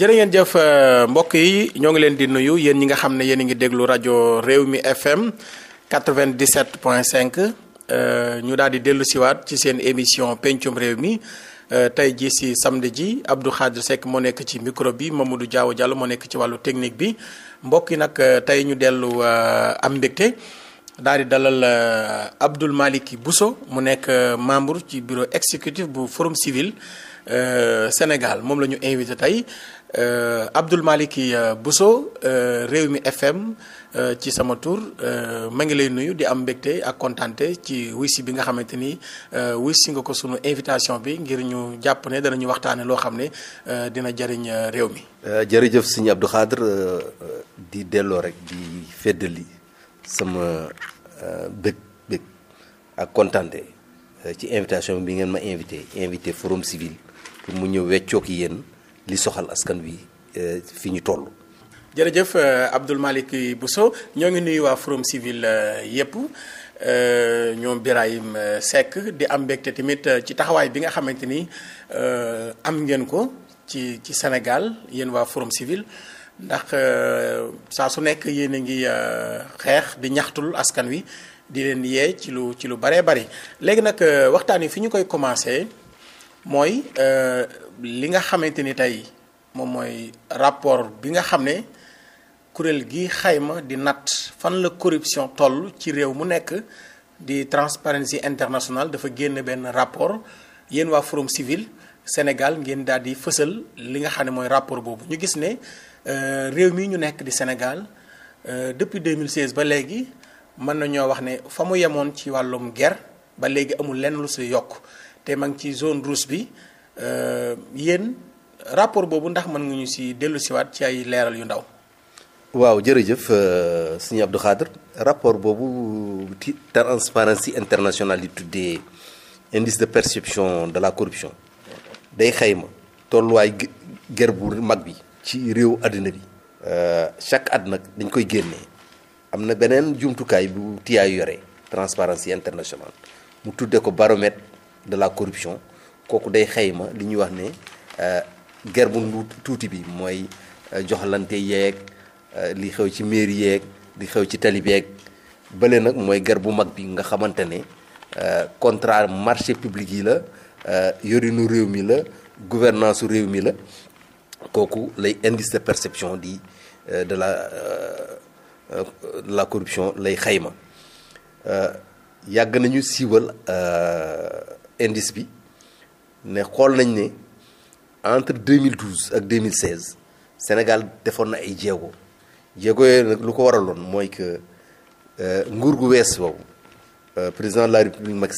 jërë ngeen jëf euh, mbokk yi ñoo ngi leen di nuyu yéen ñi nga xam ne yéen a ngi déglu rajo réew mi FM 97.5 ñu daal di dellu siwaat ci seen émission pencum réew mi euh, tey jii si samedi ji Abdou Khadre Seck moo nekk ci micro bi du Diaw Diallo moo nekk ci wàllu technique bi mbokk yi nag euh, tey ñu dellu am mbégte daal di dalal Abdoul Malick Bousso mu nekk membre ci bureau exécutif bu Forum Civil Sénégal moom la ñu invité tey. Euh, Abdoul Malick réew mi FM ci sama tur euh, ma ngi lay nuyu di am mbégte ak kontante ci wisi bi nga xamante ni euh, wisi nga ko sunu invitation bi ngir ñu jàpp ne danañu waxtaane loo xam ne dina jariñ réew mi. jërëjëf sëñ Abdou Khadre di delloo rek di li sama bëgg bëgg ak kontante ci invitation bi ngeen ma invité invité forum civil pour mu ñëw weccook yéen. li soxal askan wi eh, fi ñu toll. jërëjëf eh, Abdoul bu so ñoo ngi nuy waa Forum Civil eh, yépp ñoom Birahim Seck di am mbégte tamit ci taxawaay bi nga xamante ni am ngeen ko ci ci Sénégal yéen waa forom Civil. ndax saa su nekk yéen a ngi xeex di ñaxtul askan wi di leen yee ci lu ci lu baree bari léegi nag waxtaan wi fi ñu koy commencé mooy li nga xamante ni tey moom mooy rapport bi nga xam ne kuréel gi xayma di natt fan la corruption toll ci réew mu nekk di Transparency International dafa génn benn rapport yéen waa Forum Civil Sénégal ngeen daal di fësal li nga xam ne mooy rapport boobu ñu gis ne euh, réew mi ñu nekk di Sénégal euh, depuis 2016 ba léegi mën na ñoo wax ne fa mu yemoon ci wàllum guerre ba léegi amul lenn lu si yokk te mag ci zone rouge bi Euh, yéen rapport boobu ndax mën nga ñu si dellusiwaat ci ay leeral yu ndaw. waaw jërëjëf euh, sëñ Abdou Khadre rapport boobu ci Transparency International di tuddee indice de perception de la corruption day xayma tolluwaay ger bu mag bi ci réew àddina bi. Euh, chaque at nag dañ koy génnee am na beneen jumtukaay bu tiyaayu yore Transparency International mu tuddee ko baromètre de la corruption. kooku day xayma li ñuy wax ne euh, ger bu tuuti bi mooy euh, joxlante yeeg euh, li xew ci mairie yeeg li xew ci tali beeg bële nag mooy ger bu mag bi nga xamante ne contrat marché public yi la yorinu réew mi la gouvernance su réew mi la kooku lay indice de perception di de la de la corruption lay xayma yàgg nañu siiwal indice bi ne xool nañ ne entre 2012 ak 2016 Sénégal defoon na ay jéego jéego yooyu nag lu ko waraloon mooy que euh, nguur gu wees boobu euh, président de la république Macky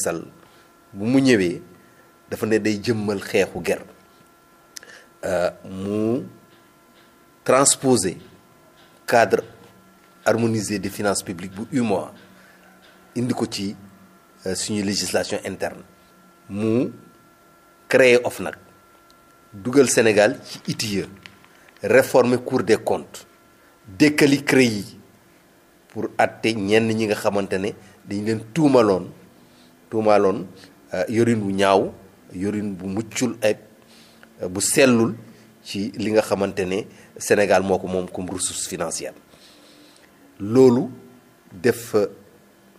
bu mu ñëwee dafa ne day jëmmal xeexu ger euh, mu transposer cadre harmonisé des finance publique bu UMOA indi ko ci suñu législation interne mu créer nag dugal Sénégal ci ITIE réformer Cour des comptes dékkali CREI yi pour atte ñenn ñi nga xamante ne dañ leen tuumaloon tuumaloon euh, yorin bu ñaaw yorin bu muccul ak euh, bu sellul ci li nga xamante ne Sénégal moo ko moom comme ressource financière loolu def euh,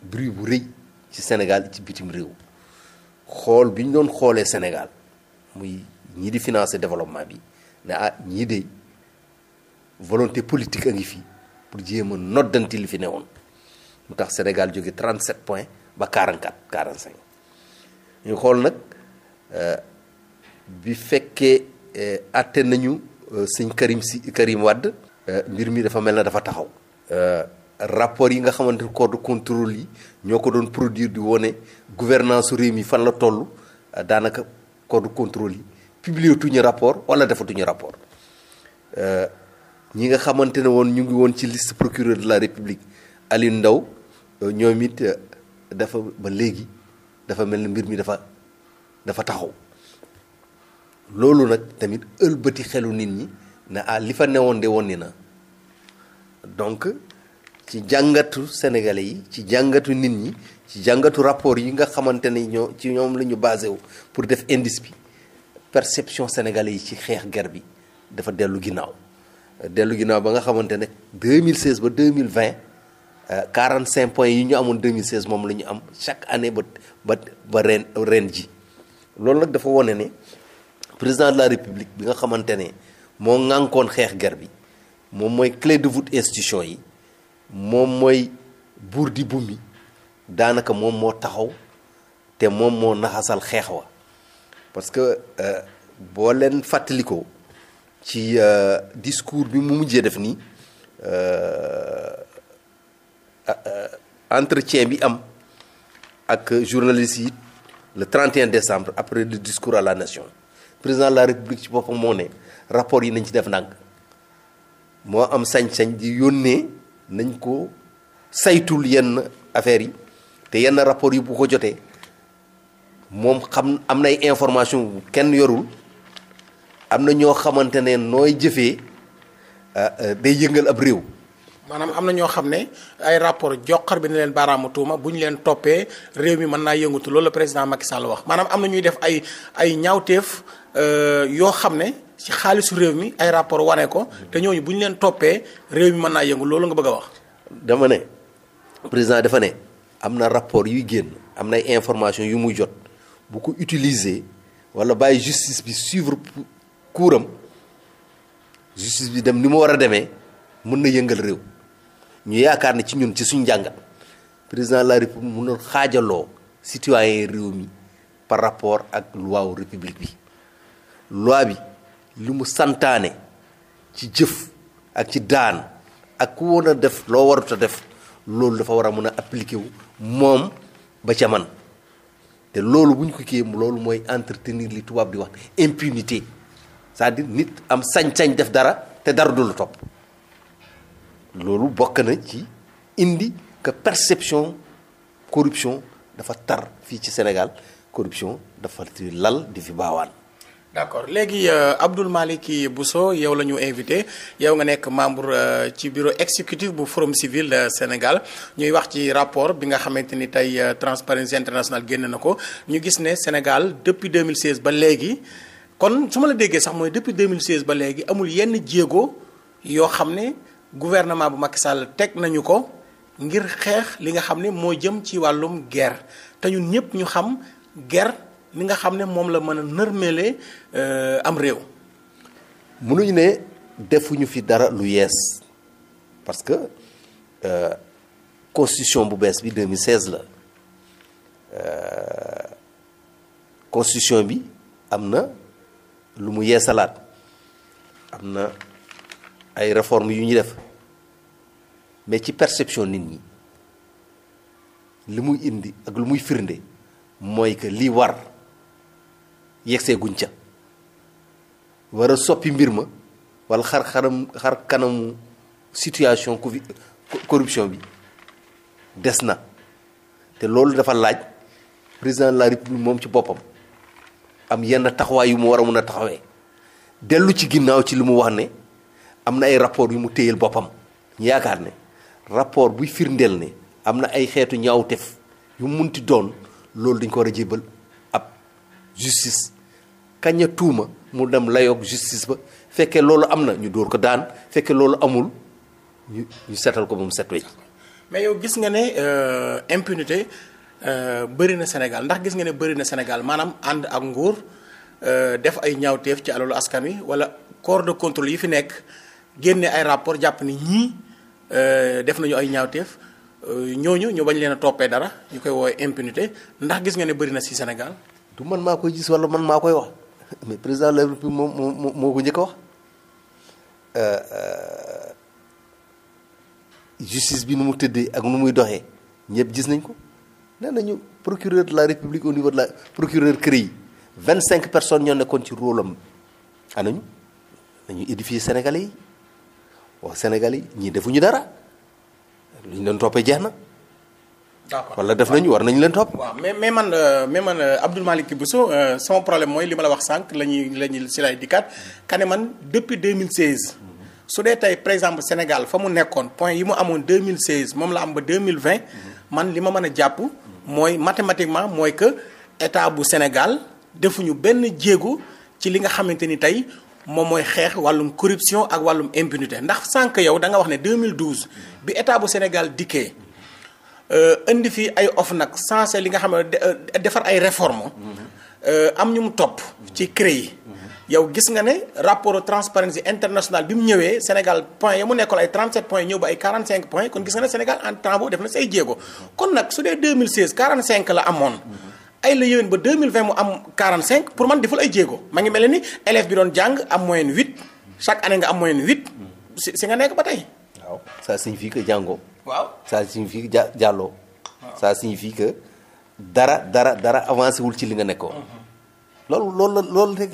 bruit bu rëy ci Sénégal ci bitim réew xool bi ñu doon xoolee Sénégal muy ñii di financé développement bi ne ah ñii de volonté politique a ngi fi pour jéem a noddanti li fi newoon mu tax Sénégal jóge 37 points ba 44 cinq ñu xool nag euh, bi fekkee euh, atte nañu euh, sëñ Karim si Karim wàdd mbir mi dafa mel na dafa taxaw. rapport yi nga xamante corps de contrôle yi ñoo ko doon produire di wone gouvernance réew mi fan la toll daanaka. corps de contrôle yi publié tuñu rapport wala defatuñu rapport euh, ñi nga xamante ne woon ñu ngi woon ci liste procureur de la république Alioune ndaw euh, ñoom it euh, dafa ba léegi dafa mel ni mbir mi dafa dafa taxaw loolu nag tamit ëlbati xelu nit ñi ne ah li fa newoon de woon ni na donc ci jàngatu sénégalais yi ci jàngatu nit ñi ci jàngatu rapport yi nga xamante ne ñoo ci ñoom la ñu basé wu pour def indice bi perception sénégalais yi ci xeex guerre bi dafa dellu ginnaaw dellu ginnaaw ba nga xamante ne 2016 ba 2020 45 euh, points yi ñu amoon 2016 moom la ñu am chaque année ba ba ba ren ren ji loolu nag dafa wone ne président de la république bi nga xamante ne moo ŋànkoon xeex guerre bi moom mooy clé de voûte institution yi moom mooy buur di bumi daanaka moom moo taxaw te moom moo naxasal xeex wa parce que euh, boo leen fàttalikoo ci euh, discours bi mu mujjee def nii euh, entretien bi am ak journaliste yi le 31 décembre après le discours à la nation président la république ci boppam moo ne rapport yi nañ ci def ndànk moo am sañ-sañ di yónnee nañ ko saytul yenn affaires yi te yenn rapport yi bu ko jotee moom xam am nay information kenn yorul am na ñoo xamante ne nooy jëfee ah, ah, day yëngal ab réew. maanaam am na ñoo xam ne ay rapport joxar bi ne leen baaraamu tuuma bu ñu leen toppee réew mi mën naa yëngatu loolu la président Macky Sall wax maanaam am na def ay ay ñaawteef euh, yoo xam ne ci xaalisu réew mi ay rapport wane ko te ñooñu bu leen toppee réew mi mën naa yëngu loolu nga bëgg a wax. dama ne président dafa ne am na rapport yuy génn am na ay information yu muy jot bu ko utiliser wala bàyyi justice bi suivre kuuram justice bi dem ni mu war a demee mën na yëngal réew ñu yaakaar ne ci ñun ci suñ jàngat président de la république mën xaajaloo citoyen réew mi par rapport ak loi wu bi loi bi li mu santaane ci jëf ak ci daan ak ku woon a def loo warut a def loolu dafa war a mun a appliqué wu moom ba ca man te loolu bu ñu ko kii loolu mooy entretenir li tubaab bi wax impunité cest à nit am sañ-sañ def dara te dara du la topp loolu bokk na ci indi que perception corruption dafa tar fii ci Sénégal corruption dafa lal di fi baawaan d' accord léegi euh, Abdoul bu Bousso yow la ñu invité yow nga nekk membre euh, ci bureau exécutif bu Forum Civil euh, Sénégal ñuy wax ci rapport bi nga xamante ni tey Transparency International génn na ko ñu gis ne Sénégal depuis 2016 ba léegi kon su ma la déggee sax mooy depuis 2016 ba léegi amul yenn jéego yoo xam ne gouvernement bu Macky sàll teg nañu ko ngir xeex li nga xam ne moo jëm ci wàllum guerre te ñun ñëpp ñu xam guerre. mi nga xam ne moom la mën a nërmeele euh, am réew. mënuñu ne defuñu fi dara lu yees parce que euh, constitution bu bees bi 2016 la euh, constitution bi am na lu mu yeesalaat am na ay réformes yu ñu def mais ci perception nit ñi li muy indi ak lu muy firnde mooy que lii war. yegsee guñ ca war a soppi mbir ma wala xar xaram xar kanamu situation covi corruption bi des na te loolu dafa laaj président la république moom ci boppam am yenn taxawaay yu mu war a mun a taxawee dellu ci ginnaaw ci lu mu wax ne am na ay rapport yu mu téyel boppam ñu yaakaar ne rapport buy firndeel ne am na ay xeetu tef yu munti doon loolu dañ ko war a jébal ab justice kañ a tuuma mu dem layoog justice ba fekkee loolu am na ñu dóor ko daan fekkee loolu amul ñu ñu seetal ko ba mu set wecc mais yow gis nga ne euh, impunité euh, bëri na Sénégal ndax gis nga ne bëri na Sénégal maanaam ànd ak nguur euh, def ay ñaawteef ci alalu askan wi wala corps de contrôle yi fi nekk génne ay rapport jàpp ni ñii def nañu ay ñaawteef ñooñu ñu bañ leen a toppee dara ñu koy woowee impunité ndax gis nga ne bëri na si Sénégal. du man maa koy gis wala man maa koy wax. mais président de la République moo moo moo ko njëkk a wax euh, euh, justice bi nu mu tëddee ak nu muy doxee ñëpp gis nañ ko nee nañu procureur de la République au niveau de la procureur CREI vingt cinq personnes ñoo nekkoon ci rôle am anañu nañu édifier sénégalais yi waaw sénégalais yi ñii defuñu dara lu ñu doon toppee jeex na. wala def nañu war nañu leen topp. waaw mais mais man euh, mais man euh, Abdoul Malick Bousso euh, sama problème mooy li ma la wax sànq la ñuy la ñuy si lay dikkaat ka man depuis 2016. su dee tey par exemple Sénégal fa mu nekkoon point yi mu amoon 2016 moom la am ba 2020 man li ma mën a jàpp mooy mathématiquement mooy que état bu Sénégal defuñu benn jéego ci li nga xamante ni tey moom mooy xeex wàllum corruption ak wàllum impunité ndax sànq yow da nga wax ne 2012 bi état bu Sénégal dikkee Euh, indi fi ay nag sensé li nga xam ne euh, defar ay réformes. Euh, am ñu mu topp ci CREI yi. yow gis nga ne rapport Transparency International bi mu ñëwee Sénégal point ya mu nekkoon ay 37 ñëw ba ay 45 points kon gis nga ne Sénégal en temps boobu def na say jéego kon nag su dee 2016 la amoon. ay la yéwén ba 2020 mu am 45 pour man deful ay jéego ma ngi mel ni élève bi doon jàng am moyenne 8 chaque année nga am moyenne 8 si si nga nekk ba tey. waaw ça signifie que jàngoo. waaw ça signifie ja jàlloo. ça signifie que dara dara dara avancé wul ci li nga nekkoon. Mm-hmm. loolu loolu la lool rek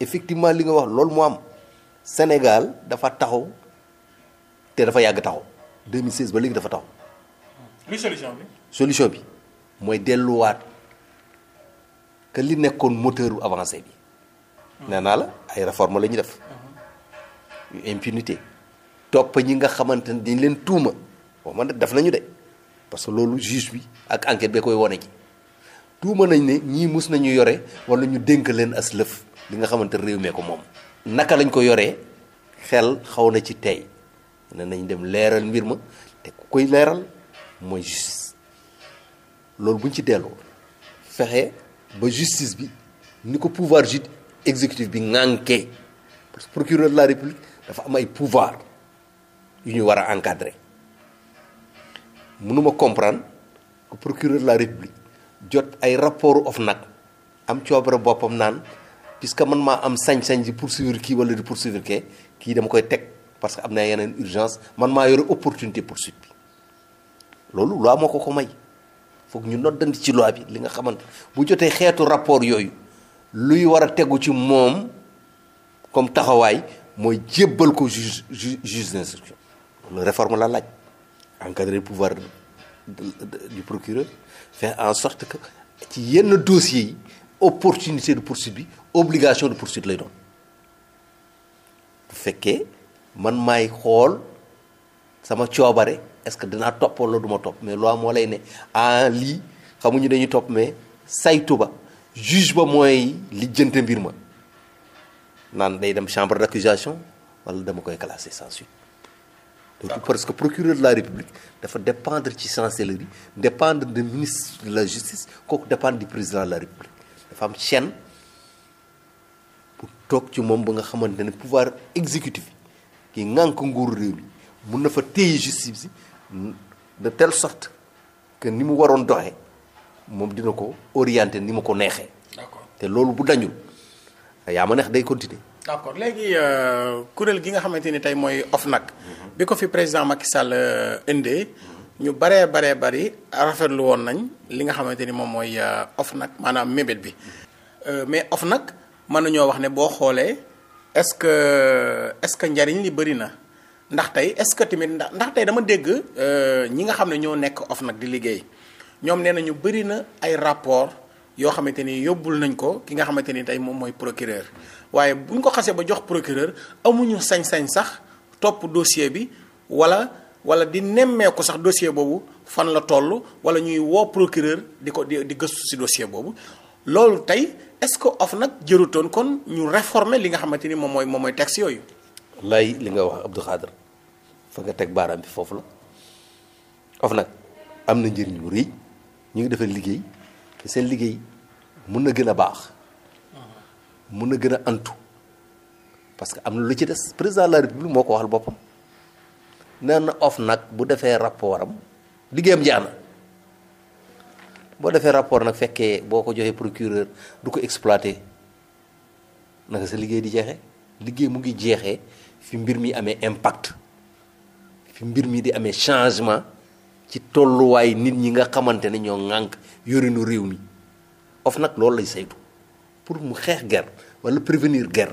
effectivement li nga wax loolu moo am Sénégal dafa taxaw te dafa yàgg taxaw 2016 ba léegi dafa taxaw. luy solution bi. solution bi mooy delluwaat que li nekkoon moteur bu bi. Mm-hmm. nee naa la ay réformes la ñuy def. Mm-hmm. impunité topp ñi nga xamante ne dañ leen tuuma. waaw man de def nañu de parce que loolu juge bi ak enquête bee koy wane ci tuuma nañ ne ñii mus nañu yore wala ñu dénk leen as lëf li nga xamante réew mee ko moom. naka lañ ko yoree xel xaw na ci tey ne nañ dem leeral mbir ma te ku koy leeral mooy justice loolu buñ ci delloo fexe ba justice bi ni ko pouvoir jud exécutif bi ŋànkee parce que procureur de la république dafa am ay pouvoir yu ñu war a encadrer. mënuma comprendre que procureur la république jot ay rapport nag am coobare boppam naan puisque man maa am sañ-sañ di poursuivre kii wala di poursuivre kee kii dama koy teg parce que am na yeneen urgence man maa yore opportunité poursuite bi loolu loi moo ko ko may foog ñu noddandi ci loi bi li nga xamante bu jotee xeetu rapport yooyu luy war a tegu ci moom comme taxawaay mooy jébbal ko juge juge d'instruction loolu réforme la laaj encadrer le pouvoir du procureur faire en sorte que ci yenn dossiers yi opportunité de poursuite bi obligation de poursuite lay doon bu fekkee man maay xool sama coobare est-ce que danaa topp wala du topp mais loi moo lay ne ah lii xamuñu dañuy topp mais saytu ba juge ba mooy lijjante mbir ma naan day dem chambre d'accusation wala dama koy classer sans suite donc parce que procureur de la république dafa dépendre ci chancellerie dépendre de ministre de la justice kooku dépendre du président de la république dafa am chaine bu toog ci moom ba nga xamante ne pouvoir exécutif ki ŋànk nguur réew mi mun na fa téye justice bi de telle sort que ni mu waroon doxee moom dina ko orienter ni ma ko neexee te loolu bu dañul yaa ma neex day continuer d' accord léegi euh, kuréel gi nga xamante ni tey mooy nag mhm. bi ko fi président Macky Sall euh, indee. Mhm. ñu baree baree bari rafetlu woon nañ li nga xamante ni moom mooy euh, nag maanaam mébét bi. Mhm. mais OFNAC mën nañoo wax ne boo xoolee est ce que est ce que njariñ li bëri na ndax tey est ce que tamit ndax tey dama dégg ñi nga xam ne ñoo nekk OFNAC di liggéey ñoom nee na ñu bëri na ay rapport yoo xamante ni yóbbul nañ ko ki nga xamante ni tey moom mooy procureur. waaye bu ñu ko xasee ba jox procureur amuñu sañ-sañ sax topp dossier bi wala wala di nemmeeku sax dossier boobu fan la toll wala ñuy woo procureur di ko di gëstu si dossier boobu loolu tey est-ce que of nag jërutoon kon ñu réformer li nga xamante ni moom mooy moom mooy texte yooyu. wallaay li nga wax Abdou Khadre fa nga teg baaraam bi foofu la of nag am na njëriñ rëy ñu ngi defal liggéey te seen liggéey mun na gën a baax. mën a gën a antu parce que am na lu ci des président de la république moo ko waxal boppam nee na of nag bu defee rapport am liggéeyam jaana boo defee rapport nag fekkee boo ko joxee procureur du ko exploité naka sa liggéey di jeexee liggéey mu ngi jeexee fi mbir mi amee impact fi mbir mi di amee changement ci tolluwaay nit ñi nga xamante ne ñoo ŋànk yorinu réew mi of nag loolu lay saytu pour mu xeex guerre wala prévenir ger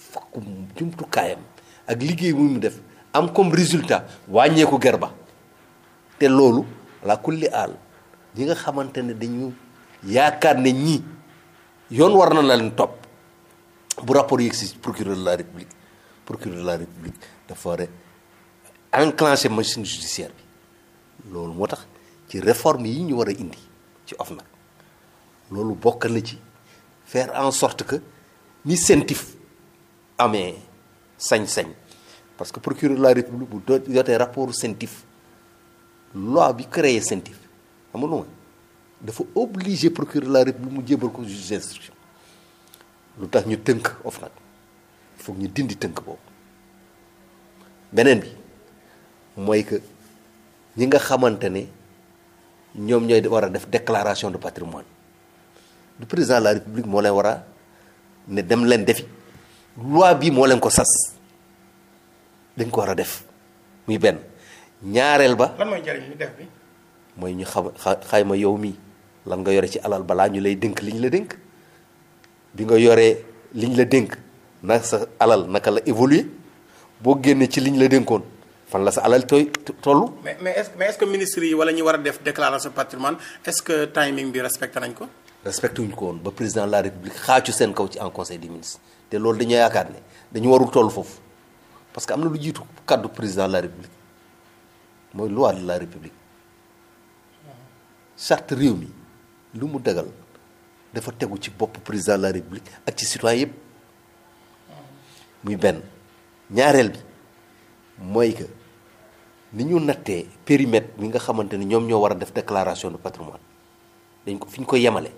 fokk jumtukaayam ak liggéey bu mu def am comme résultat wàññeeku ger ba te loolu la kulli àll ñi nga xamante ne dañu yaakaar ne ñii yoon war na la leen topp bu rapport yegg si procureur la république procureur de la république dafa war a enclencher machine judiciaire bi loolu moo tax ci réforme yi ñu war a indi ci OFNAC loolu bokk na ci faire en sorte que ni sentif amee sañ-sañ parce que procureur de la république bu jotee rapport sentif loi bi créé sentif amul lu ma dafa obligé procureur la la bu mu jébal ko juge lu tax ñu tënk OFNAC il faut ñu dindi tënk boobu beneen bi mooy que ñi nga xamante ne ñoom ñooy war a def déclaration de patrimoine du président la république moo leen war a ne dem leen defi loi bi moo leen ko sas dañ ko war a def muy benn ñaareel ba. lan mooy ñu def bi. mooy ñu xam xayma yow mii lan nga yore ci alal balaa ñu lay dënk liñ la dënk bi nga yoree liñ la dénk nag sa alal naka la évoluer boo génnee ci liñ la dénkoon fan la sa alal tooy tollu. mais mais est-ce mais est-ce que ministre yi wala ñu war a def déclaration patrimoine est-ce que timing bi respecté nañ ko. respecté wuñ ko ba président la république xaacu seen kaw ci en conseil des ministres te loolu dañoo yaakaar ne dañu warul toll foofu parce que am na lu jiitu kàddu président la république mooy loi la république charte réew mi lu mu dagal dafa tegu ci bopp président la république ak ci citoyen yëpp muy benn ñaareel bi mooy que ni ñu nattee périmètre bi nga xamante ni ñoom ñoo war a def déclaration de patrimoine dañ ko fi ñu ko yemale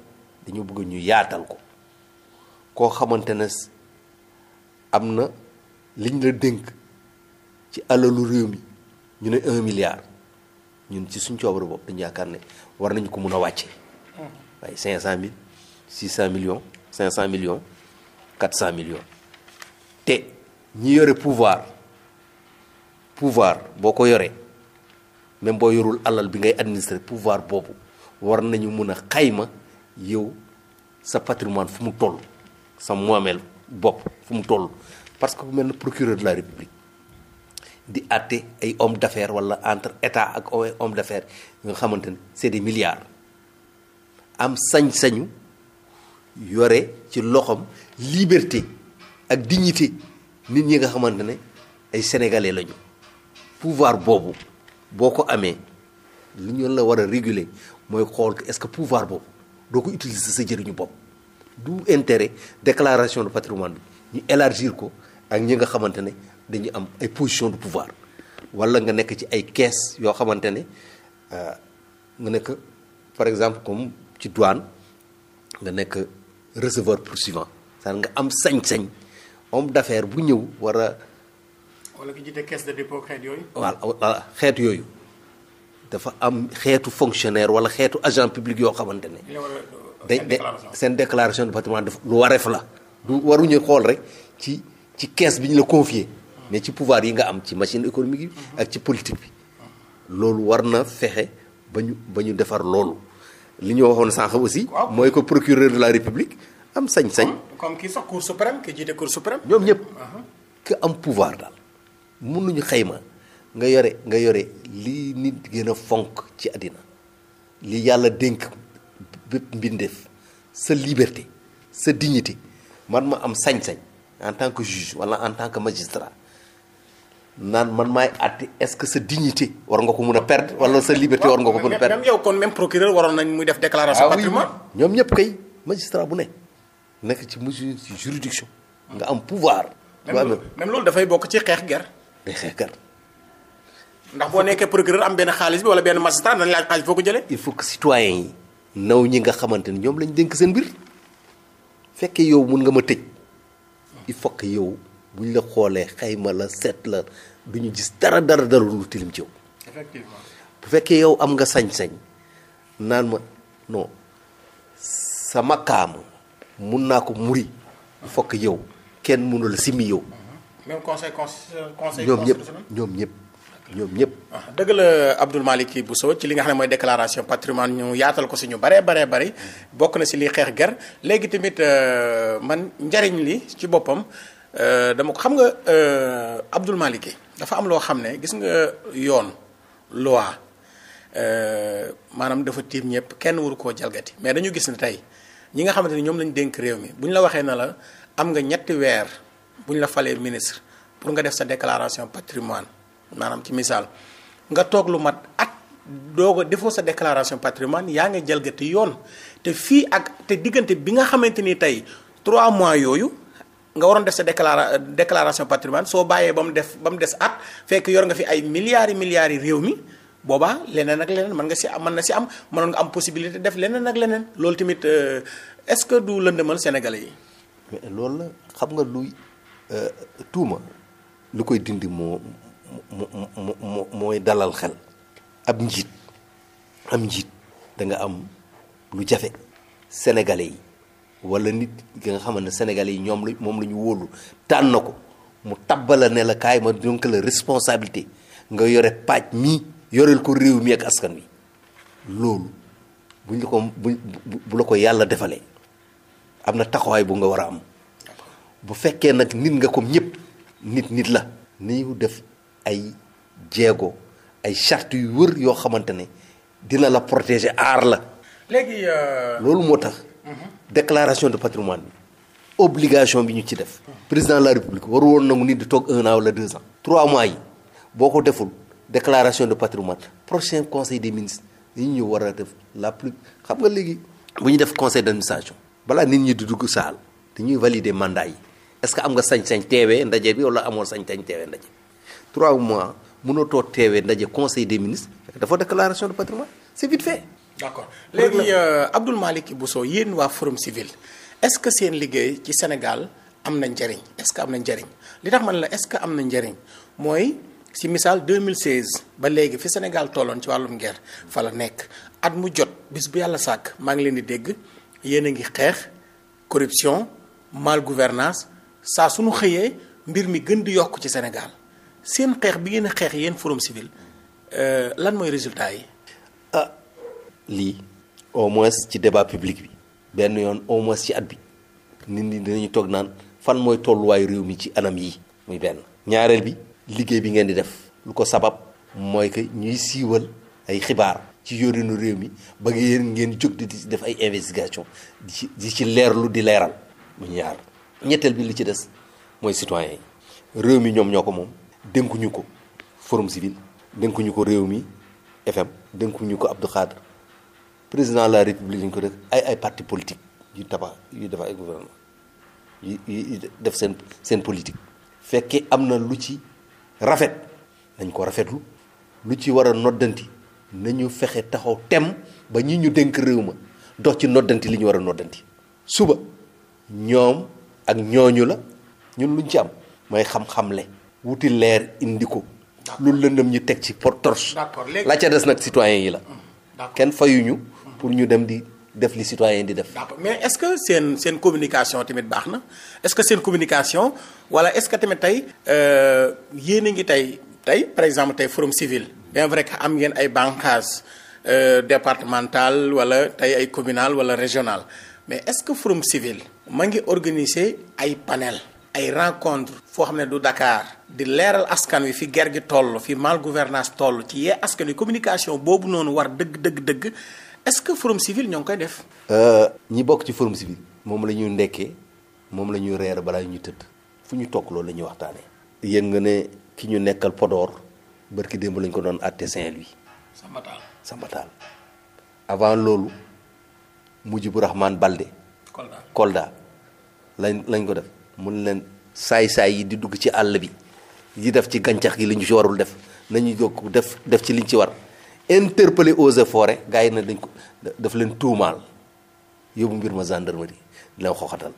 dañu bëgg ñu yaatal ko koo xamante ne am na liñ la dénk ci alalu réew mi ñu ne un milliard ñun ci suñ coobare boobu dañu yaakaar ne war nañu ko mun a wàcce waaye cinq cent mille six cent millions cinq cent millions quatre cent million te ñi yore pouvoir pouvoir boo ko yore même boo yorul alal bi ngay administrer pouvoir boobu war nañu mun a xayma yow sa patrimoine fu mu toll sa moomeel bopp fu mu toll parce que ku mel ne procureur de la république di àtte ay homme d'affaires wala entre état ak ay homme d'affaires nga xamante ne c'est des milliards am sañ-sañu yore ci loxoom liberté ak dignité nit ñi nga xamante ne ay sénégalais lañu pouvoir boobu boo ko amee li ñu la war a réguler mooy xool est-ce que pouvoir boobu doo ko utiliser sa jëriñu bopp du intéret déclaration de patrimoine ñu élargir ko ak ñi nga xamante ne dañu am ay position de pouvoir wala nga nekk ci ay caisse yoo xamante ne euh, nga nekk par exemple comme ci douane nga nekk receveur poursuivant cest à nga am sañ-sañ homme d'affaires bu ñëw war a. wala ki jiite caisse de dépôt xeet yooyu. voilà xeet yooyu. dafa am xeetu fonctionnaire wala xeetu agent public yoo xamante ne. day day seen déclaration de patrimoine dafa lu wareef la. du waruñu xool rek ci ci caisse bi ñu la confier mais ci pouvoir yi nga am ci machine économique yi. Mhm. ak ci politique bi. loolu war na fexe ba ñu ba ñu defar loolu. li ñu waxoon sànq aussi. mooy ko procureur de la république am sañ-sañ. comme kii sax cour suprême ki jiite cour suprême. ñoom ñëpp. Mhm. que am pouvoir daal nañu xayma. nga yore nga yore lii nit gën a fonk ci àddina lii yàlla dénk bépp mbindeef sa liberté sa dignité man ma am sañ-sañ en tant que juge walla en tant que magistrat naan man maay àtte est-ce que sa dignité war nga ko mun a perdre walla sa liberté war nga ko mun a perdre. même yow kon même procureur nañ muy def déclaration ah patrimoine ñoom ñëpp kay magistrat bu ne nekk ci mesure ci juridiction. nga am pouvoir. même loolu dafay bokk ci xeex ger. day xeex ger. ndax boo nekkee procureur am benn xaalis bi wala benn magistrat dañ laaj xaalis foo ko jëlee. il faut que citoyen yi naw ñi nga xamante ni ñoom lañ dénk seen mbir fekkee yow mun nga ma tëj il faut que yow buñ la xoolee xayma la seet la du ñu gis dara dara dara lu tilim ci bu fekkee yow am nga sañ-sañ naan ma non sama kaam mun naa ko muri il faut que yow kenn mënu la simmi yow. même conseil conseil conseil ñoom ñëpp ñëpp. ñoom ñëpp. Ah, dëgg la Abdoul bu Bousso ci li nga xam ne mooy déclaration patrimoine ñu yaatal ko si ñu bare bare bari bokk na si liy xeex ger léegi tamit euh, man njariñ li ci boppam euh, dama ko xam nga euh, Abdoul Malick dafa am loo xam ne gis nga yoon loi maanaam dafa tiim ñëpp kenn waru koo jalgati mais dañu gis ne tey ñi nga xamante ni ñoom lañ dénk réew mi bu ñu la waxee na la am nga ñetti weer bu ñu la falee ministre pour nga def sa déclaration patrimoine maanaam ci missaal nga toog lu mat at doog a defoo sa déclaration patrimoine yaa ngi jëlgati yoon te fii ak te diggante bi nga xamante ni tey trois mois yooyu nga waroon def sa déclara déclaration patrimoine soo bàyyee ba mu def ba mu des at fekk yor nga fi ay milliards yi milliards réew mi boobaa leneen ak leneen mën nga si am man na si am mënoon nga am possibilité def leneen ak leneen loolu tamit euh, est-ce que du lëndëmal sénégalais yi. mais loolu la xam nga luy euh, tuuma lu koy dindi moo mu mooy dalal xel ab njiit am njiit danga am lu jafe sénégalais yi wala nit ki nga xamal ne sénégalais yi ñoom la moom lañu ñu wóolu tànn na ko mu tabbala ne la kaay ma donc la responsabilité nga yore pàcc mii yoreel ko réew mi ak askan wi loolu buñ la ko bu la ko yàlla defalee am na taxawaay bu nga war a am bu fekkee nag nit nga ko ñëpp nit nit la. ni ñu def. ay jéego ay charte yu wër yoo xamante ne dina la protéger aar la. léegi. Euh, loolu moo tax. déclaration de patrimoine bi obligation bi ñu ci def. président de la république waru woon nangu nit di toog un an wala deux ans. trois mois yi boo ko deful déclaration de patrimoine prochain conseil des ministres nit ñu war a def la plus xam nga léegi. bu ñu def conseil d'administration balaa nit ñi di dugg saal dañuy valider mandat yi est-ce que am nga sañ-sañ teewee ndaje bi wala amoo sañ-sañ teewee ndaje trois mois mënatoo teewee ndaje conseil de ministres dafa déclaration de patrimoine c'est vite fait. d'accord léegi euh, Abdoul Malick Bousso yéen waa Forum Civil est-ce que seen liggéey ci Sénégal am na njariñ est-ce que am na njariñ li man la est-ce que am na njariñ mooy si misaal 2016 ba léegi fi Sénégal tolloon ci wàllum guerre fa la nekk at mu jot bis bu yàlla sàkk maa ngi leen di dégg yéen a ngi xeex corruption mal gouvernance saa su suñu xëyee mbir mi gën di yokk ci Sénégal seen xeex bi ngeen a xeex yéen forum civil euh, lan mooy résultat yi. ah lii au moins ci débat public bi benn yoon au moins ci at bi nit ñi dinañu toog naan fan mooy tolluwaayu réew mi ci anam yi muy benn. ñaareel bi liggéey bi ngeen di def lu ko sabab mooy que ñuy siiwal ay xibaar. ci yorinu réew mi ba ngeen ngeen jóg di def ay investigation di ci di ci leerlu di leeral mu ñaar ñetteel bi li ci des mooy citoyen yi réew mi ñoom ñoo ko moom. dénkuñu ko forum civil dénkuñu ko réew mi FM dénkuñu ko Abdou Khadre président la république lañ ko def ay ay parti politique yu tabax yu def ay gouvernement yu yu def seen seen politique. fekkee am na lu ci rafet nañ ko rafetlu lu ci war a noddanti nañu fexe taxaw tem ba ñi ñu dénk réew ma dox ci noddanti li ñu war a noddanti. suba ñoom ak ñooñu la ñun luñ ci am mooy xam-xamle. wuti leer indi ko. lu lëndëm ñu teg ci porte torche. la ca des nag citoyen yi la. Hmm. kenn fayuñu pour ñu dem di def li citoyen di def. mais est-ce que seen seen communication tamit baax na est-ce que seen communication wala est-ce que tamit tey euh, yéen a ngi tey tey par exemple tey forum civil bien vrai que am ngeen ay bànqaas euh, départemental wala tey ay communal wala régional mais est-ce que forum civil ma ngi organiser ay panel ay rencontre foo xam ne du dakaar di leeral askan wi fi ger gi toll fi mal gouvernance toll ci yee askan wi communication boobu noonu war dëgg dëgg dëgg est-ce que forum civil ñoo ngi koy def. Euh, ñi bokk ci forum civil moom la ñuy ndekkee moom la ñuy reer balaa ñu tëdd fu ñu toog loolu la ñuy waxtaanee. yéen nga ne ki ñu nekkal Podor ki démb lañ ko doon àtte Saint-Louis. Sambataal Sambataal avant loolu Mujibou Rahman Balde. Kolda Kolda lañ lañ ko def. mun leen saay-saay yi di dugg ci àll bi di def ci gàncax gi lañu ñu ci warul def nañu jokk def def ci liñ ci war interpellé eaux et forêts gars yi na dañ ko daf leen tuumaal yóbbu mbir ma gendarmerie di leen xoxatal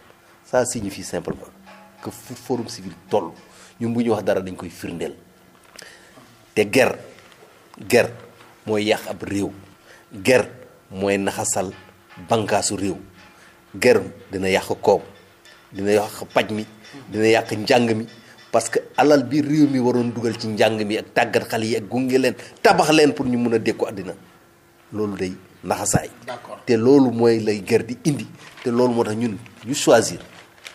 ça fi simplement que fu forum civil toll ñu bu ñu wax dara dañ koy firndeel te ger ger mooy yàq ab réew ger mooy naxasal bankaasu réew ger dina yàq koom dina yàq paj mi dina yàq njàng mi parce que alal bi réew mi waroon dugal ci njàng mi ak tàggat xale yi ak gunge leen tabax leen pour ñu mun a dékku àddina loolu day naxasaay te loolu mooy lay ger di indi te loolu moo tax ñun ñu choisir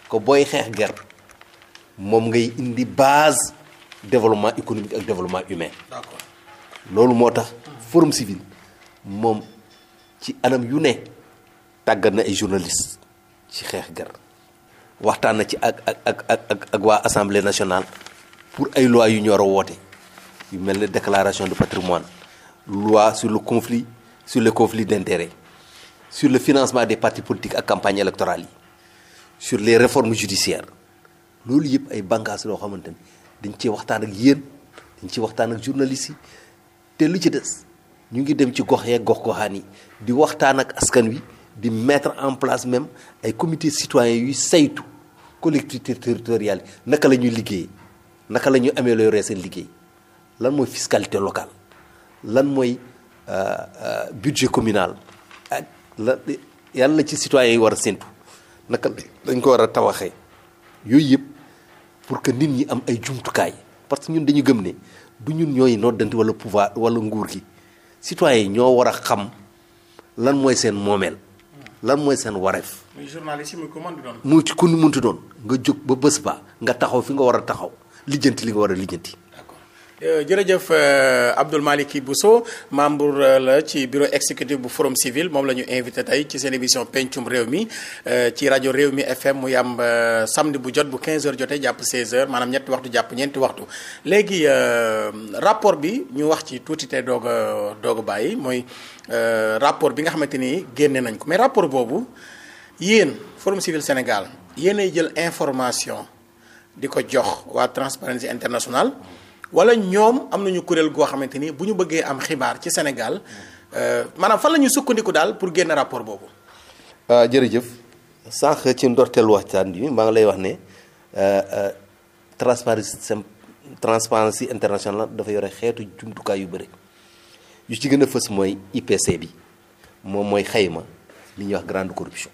ko booy xeex ger moom ngay indi base développement économique ak développement humain loolu moo tax forum civil moom ci anam yu ne tàggat na ay journaliste ci xeex ger waxtaan na ci ak ak ak ak ak waa assemblée nationale pour ay loi yu ñor woote yu mel ne déclaration de patrimoine loi sur le conflit sur les de d'intérêts sur le financement des partis politique ak campagne électorale yi sur les réformes judiciaires loolu yëpp ay bànqaas loo xamante ni dañ ci waxtaan ak yéen dañ ci waxtaan ak journalistes yi te lu ci des ñu ngi dem ci gox yeeg gox goxaan yi di waxtaan ak askan wi di mettre en place même ay comités citoyens yu saytu collectivités territoriales yi naka la ñuy liggéey naka la ñuy améliorer seen liggéey lan mooy fiscalité local lan mooy euh, euh, budget communal ak la yàlla la ci citoyens yi war a séntu naka dañ ko war a tawaxee yooyu yëpp pour que nit ñi am ay jumtukaay parce que ñun dañu gëm ne du ñun ñooy noddanti wala pouvoir wala nguur gi citoyens yi ñoo war a xam lan mooy seen moomeel lan mooy seen wareef. muy journaliste muy ku mu ci ku nu mënti doon nga jóg ba bës ba nga taxaw fi nga war a taxaw lijjanti li nga war a lijjanti. Euh, jërëjëf euh, Abdoul bu Bousso membre euh, la ci bureau exécutif bu Forum Civil moom la ñu invité tey ci seen émission pencum réew mi ci rajo réew mi FM mu yam samedi bu jot bu 15h jotee jàpp 16h maanaam ñetti waxtu jàpp ñeenti waxtu. léegi rapport bi ñu wax ci tuuti te doog doog bàyyi mooy rapport bi nga xamante ni génne nañ ko mais rapport boobu yéen Forum Civil Sénégal yéenay jël information di ko jox waa Transparency International. wala ñoom am nañu kuréel goo xamante ni bu ñu bëggee am xibaar ci Sénégal euh, maanaam fan la ñuy sukkandiku daal pour génn rapport boobu. Euh, jërëjëf sànq ci ndorteelu waxtaan bi maa ngi lay wax ne euh, transparency transparency international dafa yore xeetu jumtukaay yu bëri yu ci gën a fës mooy IPC bi moom mooy xayma li ñuy wax grande corruption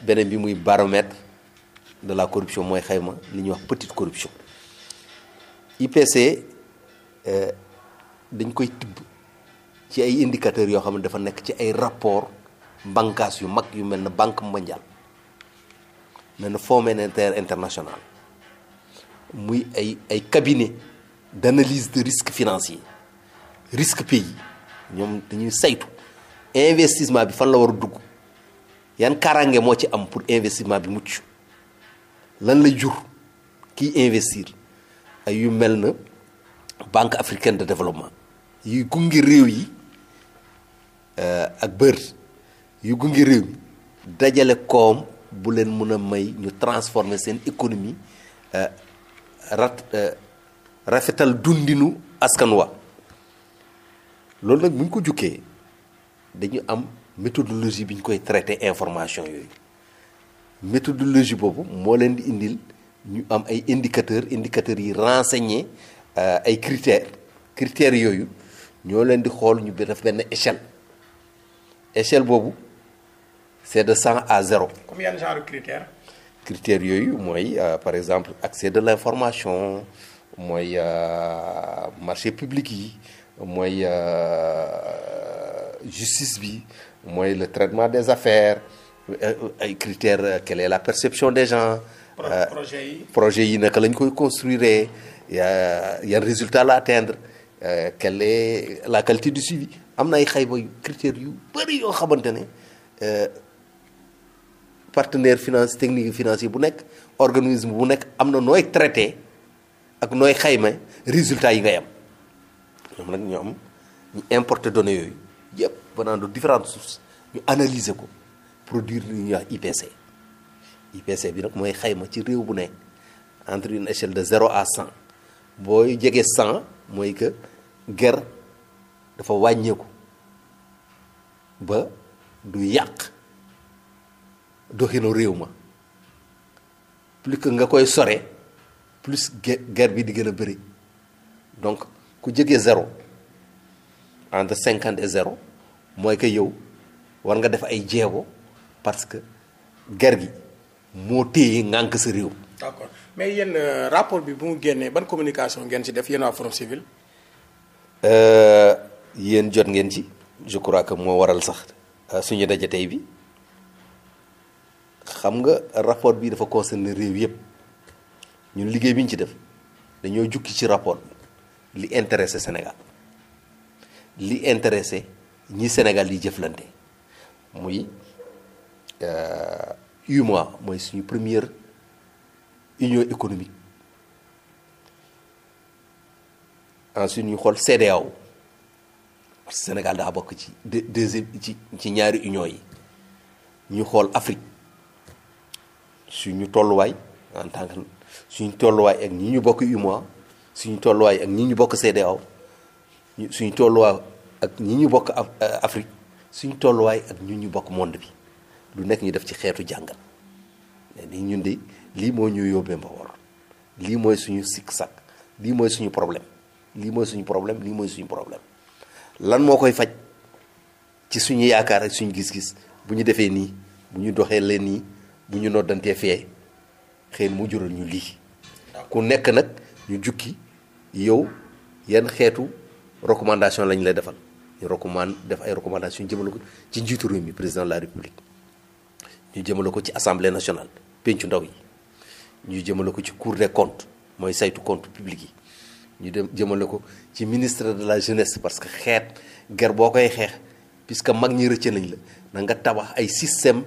beneen bi muy baromètre de la corruption mooy xayma li ñuy wax petite corruption. IPC euh, dañ koy tibb ci ay indicateurs yoo xam ne dafa nekk ci ay rapport bànkaas yu mag yu mel ne banque mondiale mel ne Fonds monétaire international muy ay ay cabinet d'analyse de risque financier risque pays ñoom dañuy saytu investissement bi fan la war a dugg yan kaaraange moo ci am pour investissement bi mucc lan la jur kiy investir ay yu mel na banque africaine de développement yuy gunge réew yi euh, ak bër yu gunge réew mi dajale koom bu leen mën a may ñu transformer seen économie euh, rat euh, rafetal dundinu askan wa loolu nag bu ñu ko jukkee dañu am méthodologie bi ñu koy traité information yooyu méthodologie boobu moo leen di indil ñu am ay indicateurs indicateurs yi renseigner euh, ay critères critères yooyu ñoo leen di xool ñu def benn échelle échelle boobu c'est de 100 à 0. comme yan genre critères. yooyu mooy euh, par exemple accès de l'information mooy euh, marché public yi mooy justice bi mooy le traitement des affaires ay critères quelle la perception des gens. Euh, projet yi projet yi naka lañ koy construire yan résultat la atteindre euh, quelle est la qualité du suivi am na ay xayma yu critères yu bëri yoo xamante ne euh, partenaire finance technique financier bu nekk organisme bu nekk am na nooy traité ak nooy xayma résultat yi ngay am ñoom nag ñoo am ñu importer données yooyu yëpp banaan de différentes sources ñu analyser ko produire li ñuy wax IPC IPC bi nag mooy xayma ci réew bu ne entre une échelle de 0 à 100 booy jege 100 mooy que ger dafa wàññeeku ba du yàq doxino réew ma plus que nga koy sore plus ger bi di gën a bëri donc ku jege 0 entre 50 et 0 mooy que yow war nga def ay jéego parce que ger gi. moo téye ngànk sa réew. d'accord mais yéen euh, rapport bi bu mu génnee ban communication ngeen ci def yéen waa Forum Civil. Euh, yéen jot ngeen ci je crois que moo waral sax euh, suñu daje tey bi xam nga rapport bi dafa concerner réew yépp ñun liggéey bi ñu ci def dañoo jukki ci rapport li intéressé Sénégal li intéressé ñi Sénégal yi jëflante muy. u mois mooy suñu première union économique ensuite ñu xool CEDEAO parce Sénégal daa bokk ci deuxième ci ci ñaari union yi ñu xool Afrique suñu tolluwaay en tant que tolluwaay ak ñi ñu bokk UEMOA suñu tolluwaay ak ñi ñu bokk CEDEAO suñu tolluwaay ak ñi ñu bokk Afrique suñu tolluwaay ak ñi ñu bokk monde bi lu nekk ñu def ci xeetu jàngal mais ñun de lii moo ñu yóbbee Mbawor lii mooy suñu sikk sakk lii mooy suñu problème lii mooy suñu problème lii mooy suñu problème lan moo koy faj ci suñu yaakaar ak suñu gis-gis bu ñu defee nii bu ñu doxee leen nii bu ñu noddantee fee xëy mu jural ñu lii ku nekk nag ñu jukki yow yan xeetu recommandation lañ lay defal ñu recommande def ay recommandation jëmale ko ci njiitu réew mi président de la république ñu jëmale ko ci assemblée nationale pencu ndaw yi ñu jëmale ko ci cour des comptes mooy saytu compte public yi ñu dem jëmale ko ci ministre de la jeunesse parce que xeet ger boo koy xeex puisque mag ñi rëcce nañ la na nga tabax ay système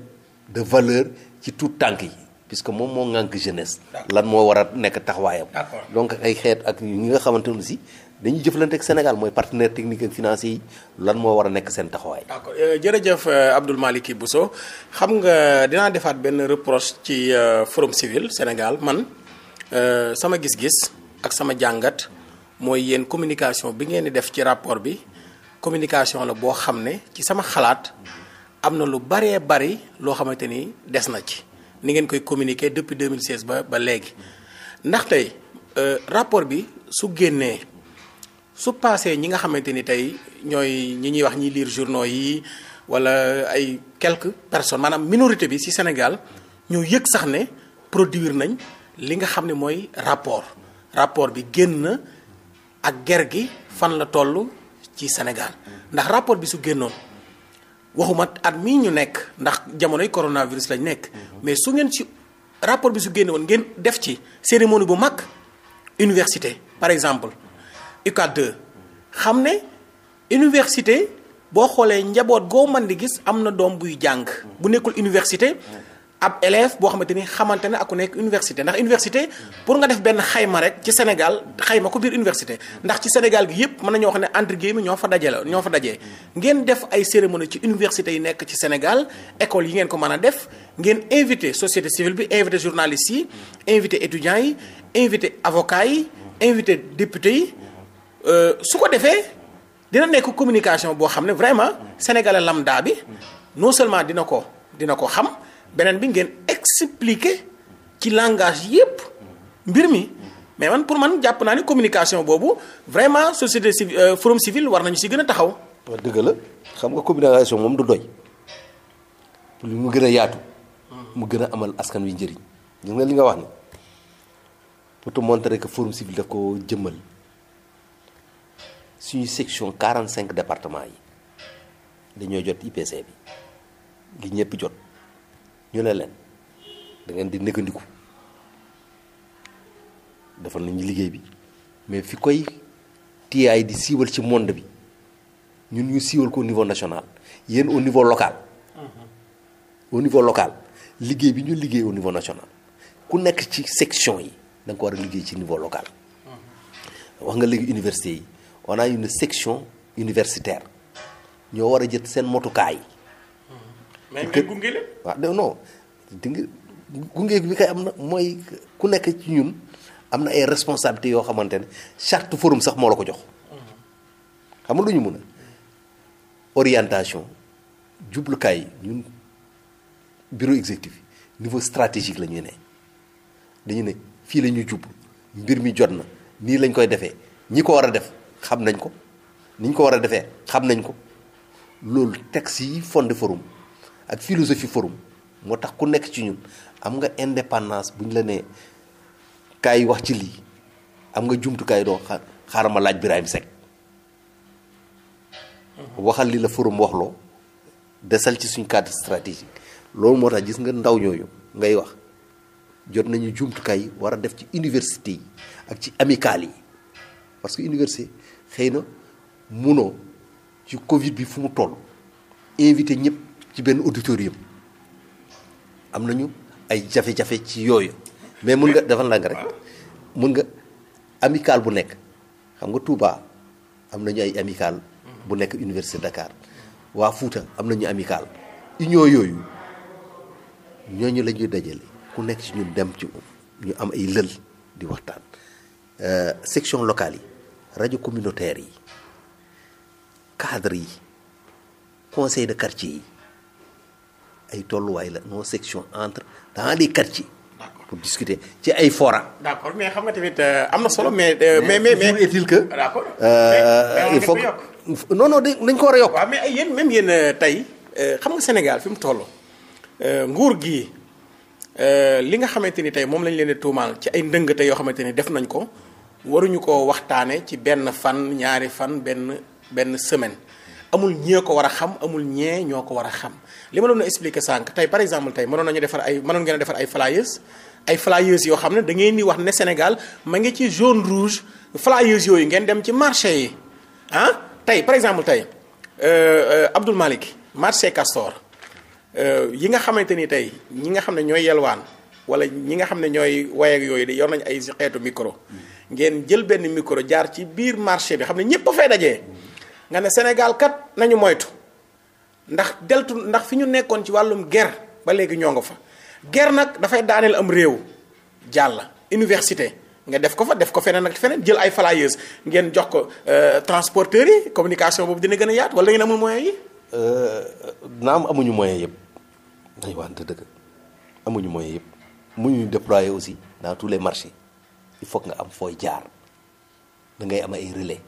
de valeur ci tout tànk yi puisque moom moo ŋànk jeunesse lan moo war a nekk taxawaayam donc ay xeet ak ñi nga xamante si dañuy jëflante ak Sénégal mooy partenaire technique ak financier yi lan moo war a nekk seen taxawaay. d'accord euh, jërëjëf euh, Abdoul Malick so xam nga dinaa defaat benn reproche ci euh, forum civil Sénégal man sama gis-gis ak sama jàngat mooy yéen communication bi ngeen di def ci rapport bi communication la boo xam ne ci sama xalaat am na lu baree bari loo xamante ni des na ci ni ngeen koy communiquer depuis 2016 ba ba léegi ndax tey rapport bi su génnee. su paasee ñi nga xamante ni tey ñooy ñi ñuy wax ñiy liir journaux yi wala ay quelques personnes maanaam minorité bi ci Sénégal ñoo yëg sax ne produire nañ li nga xam ne mooy rapport rapport bi génn ak ger gi fan la toll ci Sénégal ndax rapport bi su génnoon waxuma at mi ñu nekk ndax jamonoy coronavirus lañ nekk mais su ngeen ci rapport bi su génne woon ngeen def ci cérémonie bu mag université par exemple UCAD xam ne université boo xoolee njaboot goo man di gis am na doom buy jàng bu nekkul université ab élève boo xamante ni xamante ne ak ku nekk université ndax université pour nga def benn xayma rek ci Sénégal xayma ko biir université ndax ci Sénégal gi yëpp mën na ñoo xam ne entre guillemets ñoo fa daje ñoo fa dajee ngeen def ay cérémonie ci université yi nekk ci Sénégal école yi ngeen ko mën a def ngeen invité société civile bi invité journalistes yi invité étudiants yi invité avocats yi invité députés yi Euh, su ko defee dina nekk communication boo xam ne vraiment sénégalais lambda bi non seulement dina ko dina ko xam beneen bi ngeen expliquer ci langage yépp mbir mi mais man pour man jàpp naa ne communication boobu vraiment société civile euh, forum civil war nañu si gën a taxaw. waaw dëgg la xam nga communication moom du doy pour mu gën a yaatu. mu gën a amal askan wi njëriñ. gis nga li nga wax ni pour te montrer que forum civil daf ko jëmmal. suñu section cinq département yi dañoo jot IPC bi li ñëpp jot ñu ne leen da ngeen di nëggandiku defal nañu liggéey bi mais fi koy TI di siiwal ci monde bi ñun ñu siiwal ko au niveau national yéen au niveau local. Mm-hmm. au niveau local liggéey bi ñu liggéey au niveau national ku nekk ci section yi da ko war a liggéey ci niveau local. Mm-hmm. wax nga léegi université yi. on a une section universitaire ñoo war a jël seen motukaay. Hmm. mais mais gunge leen waaw ah, non non am na mooy ku nekk ci ñun am na ay responsabilités yoo xamante ne charte forum sax moo la ko jox. Hmm. xam nga ñu mën a orientation jublukaay ñun bureau exécutif niveau stratégique la ñuy ne dañu ne fii la ñuy jublu mbir mi jot na nii lañ koy defee ñi ko war a def. xam nañ ko niñ ko war a defee xam nañ ko loolu texte yi fondé forum ak philosophie forum moo tax ku nekk ci ñun am nga indépendance bu ñu la nee kaay wax ci lii am nga jumtukaay doo xaaral ma laaj Birahim Seck waxal li la forum waxloo desal ci suñ cadre stratégique loolu moo tax gis nga ndaw ñooñu ngay wax jot nañu jumtukaay yi war a def ci université yi ak ci amicale yi parce que université xëy na munoo ci Covid bi fu mu toll invité ñëpp ci benn auditorium am nañu ay jafe-jafe ci yooyu mais mun nga defal la nga rek mun nga amical bu nekk xam nga Touba am nañu ay amical bu nekk Université Dakar waa Fuuta am na ñu nañu amical union yooyu ñooñu la ñuy dajale ku nekk ci ñu dem ci ñu am ay lël di waxtaan euh, section locale yi rajo communautaire yi cadre yi conseil de quartier yi ay tolluwaay la nos section entre dans les quartiers. d'accord pour discuter ci ay fora. d'accord mais xam nga tamit euh, am na solo mais. Euh, mais mais mais est-il que. d'accord euh, ko war a yokk. waaw ay yéen même yéen tey xam nga Sénégal fi mu toll nguur gii li nga xamante ni tey moom lañ leen di tuumaal ci ay ndëngate yoo xamante ni def nañ ko. waruñu ko waxtaane ci benn fan ñaari fan benn benn semaine amul ñee ko war a xam amul ñee ñoo ko war a xam li ma doon expliquer sànq tey par exemple tey mënoon nañu defar ay mënoon ngeen a defar ay flyers ay flyers yoo xam ne da ngeen di wax ne Sénégal ma ngi ci jaune rouge flyers yooyu ngeen dem ci marché yi ah tey par exemple tey euh, euh, Abdoul Malick marché Castor euh, yi nga xamante ni tey ñi nga xam ne ñooy yelwaan wala ñi nga xam ne ñooy wayeeg yooyu de yor nañu ay xeetu micro. ngeen jël benn micro jaar ci biir marché bi xam ne ñëpp a fay dajee nga ne Sénégal kat nañu moytu ndax deltu ndax fi ñu nekkoon ci wàllum guerre ba léegi ñoo nga fa ger nag dafay daaneel am réew jàll université nga def ko fa def ko feneen ak feneen jël ay flyers ngeen jox ko euh, transporteurs yi communication boobu dina gën a yaatu wala da ngeen amul moyens yi. Euh, am amuñu moyens yëpp dañu waxante dëgg amuñu moyens yëpp mu ñu déployer aussi dans tous les marchés. il faut nga am fooy jaar da ngay am ay relais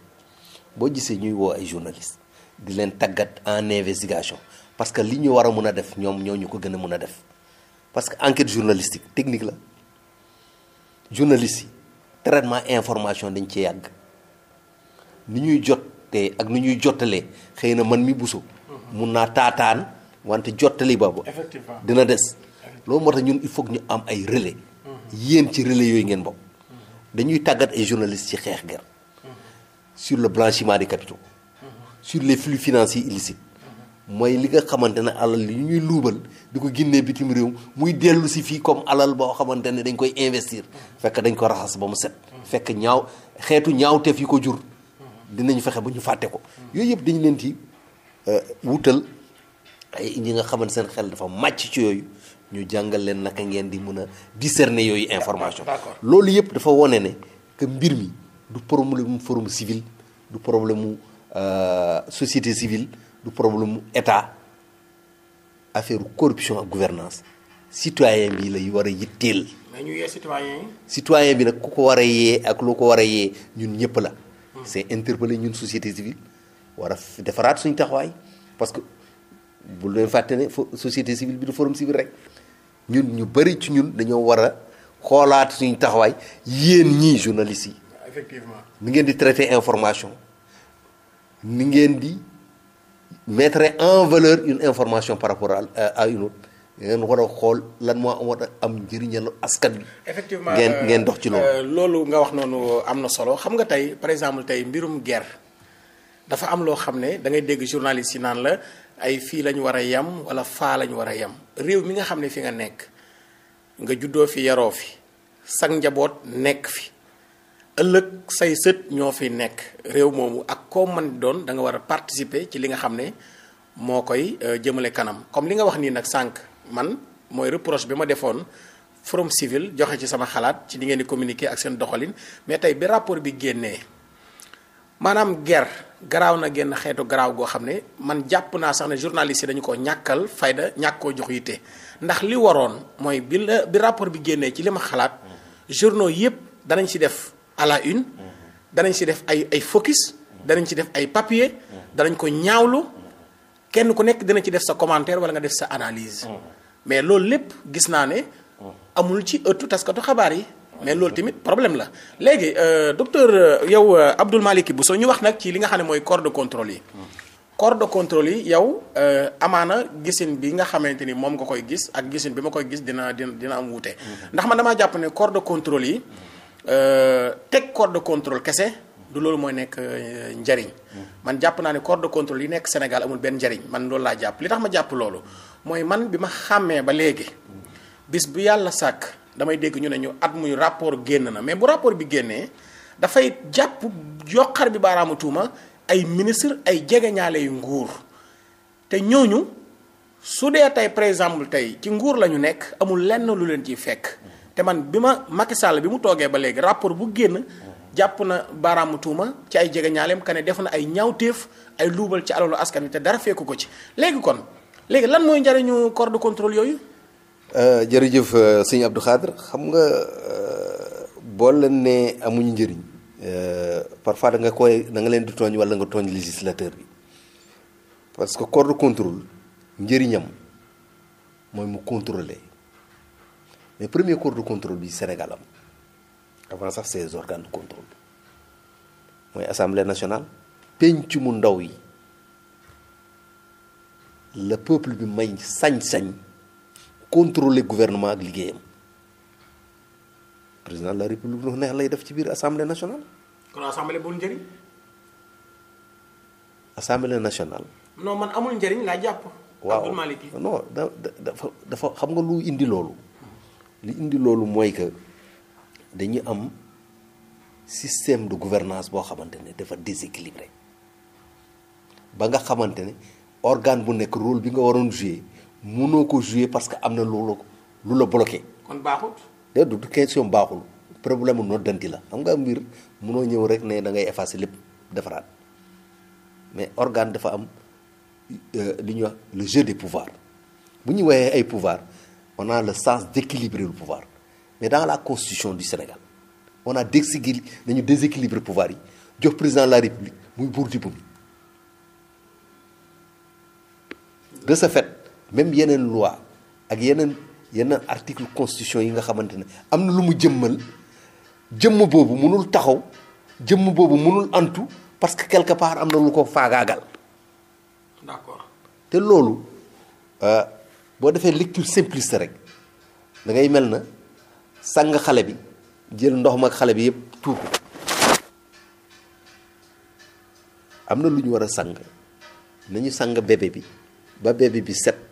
boo gisee ñuy woo ay journalistes di leen tàggat en investigation parce que li ñu war a mun a def ñoom ñoo ñu ko gën a mën a def parce que enquête journalistique technique la journaliste yi traitement information dañ ci yàgg ni ñuy jottee ak ni ñuy jottalee xëy na man mi buso mhm. mun naa taataan wante jottali boobu dina des loolu moo ñun il faut ñu am ay relais mhm. yéen ci relais yooyu ngeen bokk dañuy tàggat ay journalistes ci xeex ger sur le blanchiment des capitaux sur les flux financiers illicites mooy li nga xamante ne alal li ñuy luubal di ko génnee bitim réew muy dellu si fii comme alal boo xamante ne dañ koy investir fekk dañ ko raxas ba mu set fekk ñaaw xeetu ñaawteef yi ko jur dinañ fexe ba ñu fàtte ko yooyu yëpp dañu leen ci euh, wutal ay ñi nga xamante seen xel dafa màcc ci yooyu ñu jàngal leen naka ngeen di mën a discerner yooyu information loolu yëpp dafa wone ne que mbir mi du problème mu forum civil du problème mu euh, société civile du problème mu état affaire corruption ak gouvernance citoyen bi lay war a yitteel citoyen bi nag ku ko war a yee ak lu ko war a yee ñun ñëpp la hmm. c'est interpeller ñun société civile war a defaraat suñu taxawaay parce bu leen fàtte ne société civile bi du forum civil rek ñun ñu bëri ci ñun dañoo war a xoolaat suñu taxawaay yéen ñii journalistes yi. Ah, effectivement ni ngeen di traiter information ni ngeen di mettre en valeur une information par rapport à une autre ngeen war a xool lan moo war a am njëriñal askat bi. effectivement ngeen euh, ngeen dox ci loolu. Euh, loolu nga wax noonu am na solo xam nga tey par exemple tey mbirum guerre dafa am loo xam ne da ngay dégg journaliste yi naan la ay fii la ñu war a yem wala faa la ñu war a yem. réew mi nga xam ne fi nga nekk nga juddoo fi yaroo fi sag njaboot nekk fi ëllëg say sët ñoo fi nekk réew moomu ak koo man doon da nga war a participer ci li nga xam ne moo koy euh, jëmale kanam comme li nga wax nii nag sànq man mooy reproche bi ma defoon forum civil joxe ci sama xalaat ci li ngeen di communiquer ak seen doxalin mais tey bi rapport bi génnee maanaam ger garaaw na génn xeetu garaaw goo xam ne man jàpp naa sax ne journaliste yi dañu ko ñàkkal fayda ñàkk koo jox yitte ndax li waroon mooy bi bi rapport bi génnee ci li ma xalaat journaux yëpp danañ si def à une danañ si def ay ay focus danañ si def ay papier danañ ko ñaawlu kenn ku nekk dina ci def sa commentaire wala nga def sa analyse mm. mais loolu lépp gis naa ne amul ci ëttu taskatu xabaar yi mais loolu tamit problème la léegi euh, docteur euh, yow euh, Abdoul bu soo ñu wax nag ci li nga xam ne mooy corps de contrôle yi. Hmm. corps de contrôle yi yow amaana gisin bi nga xamante ni moom nga koy gis ak gisin bi ma koy gis dina dina dina am wute hmm. ndax man damaa jàpp ne corps de contrôle yi teg corps de contrôle kese. du loolu mooy nekk njariñ hmm. man jàpp naa ne corps de contrôle yi nekk Sénégal amul benn njariñ man loolu laa jàpp li tax ma jàpp loolu mooy man bi ma xàmmee ba léegi bis sàkk. damay dégg ñu ne ñu at muy rapport génn na mais bu rapport bi génnee dafay jàpp yokkar bi baaraamu ay ministre ay jegeñaale yu nguur te ñooñu su dee tey par exemple tey ci nguur la ñu nekk amul lenn lu leen ciy fekk te man bi ma Macky Sall bi mu toogee ba léegi rapport bu génn jàpp na baaraamu tuuma ci ay jegeñaaleem ka ne def na ay ñaawteef ay luubal ci alalu askan wi te dara fekku ko ci léegi kon léegi lan mooy njariñu corps de contrôle yooyu Euh, jërëjëf euh, sëñ Abdou Khadre xam nga euh, boo leen ne amuñu njëriñ parfois da nga koy da nga leen di tooñ wala nga tooñ législateur bi parce que corps de contrôle njëriñam mooy mu contrôler mais premier corps de contrôle bi Sénégal am avant sax ces organes de contrôle mooy assemblée nationale penc mu ndaw yi le peuple bi may sañ-sañ contrôler gouvernement ak liggéeyam président de la république lu neex lay def ci biir assemblée nationale. kon assemblée bul njëriñ. assemblée nationale. non man amul njëriñ laa jàpp. waaw dafa dafa xam nga lu indi loolu. li indi loolu mooy que dañu am système de gouvernance boo xamante ne dafa déséquilibré ba nga xamante ne organe bu nekk rôle bi nga waroon jouer mënoo ko jouer parce que am na lu la lu la bloqué. kon baaxut. de du question baaxul problème mu noddanti la xam nga mbir mënoo ñëw rek ne da ngay effacer lépp defaraat mais organe dafa am euh, li ñuy wax le jeu des pouvoirs bu ñuy woowee ay pouvoir on a le sens d'équilibrer lu pouvoir mais dans la constitution du Sénégal on a déséquili nañu déséquilibrer pouvoir yi jox président la République muy buur di bumi de même yeneen loi ak yeneen yeneen article constitution yi nga xamante ne am na lu mu jëmmal jëmm boobu mënul taxaw jëmm boobu mënul antu parce que quelque part am na lu ko faagaagal. d'accord te loolu euh, boo defee lecture simpliste rek dangay mel na sang xale bi jël ndox mag xale bi yëpp tuur ko am na lu ñu war a sàng nañu sàng bébé bi ba bébé bi set.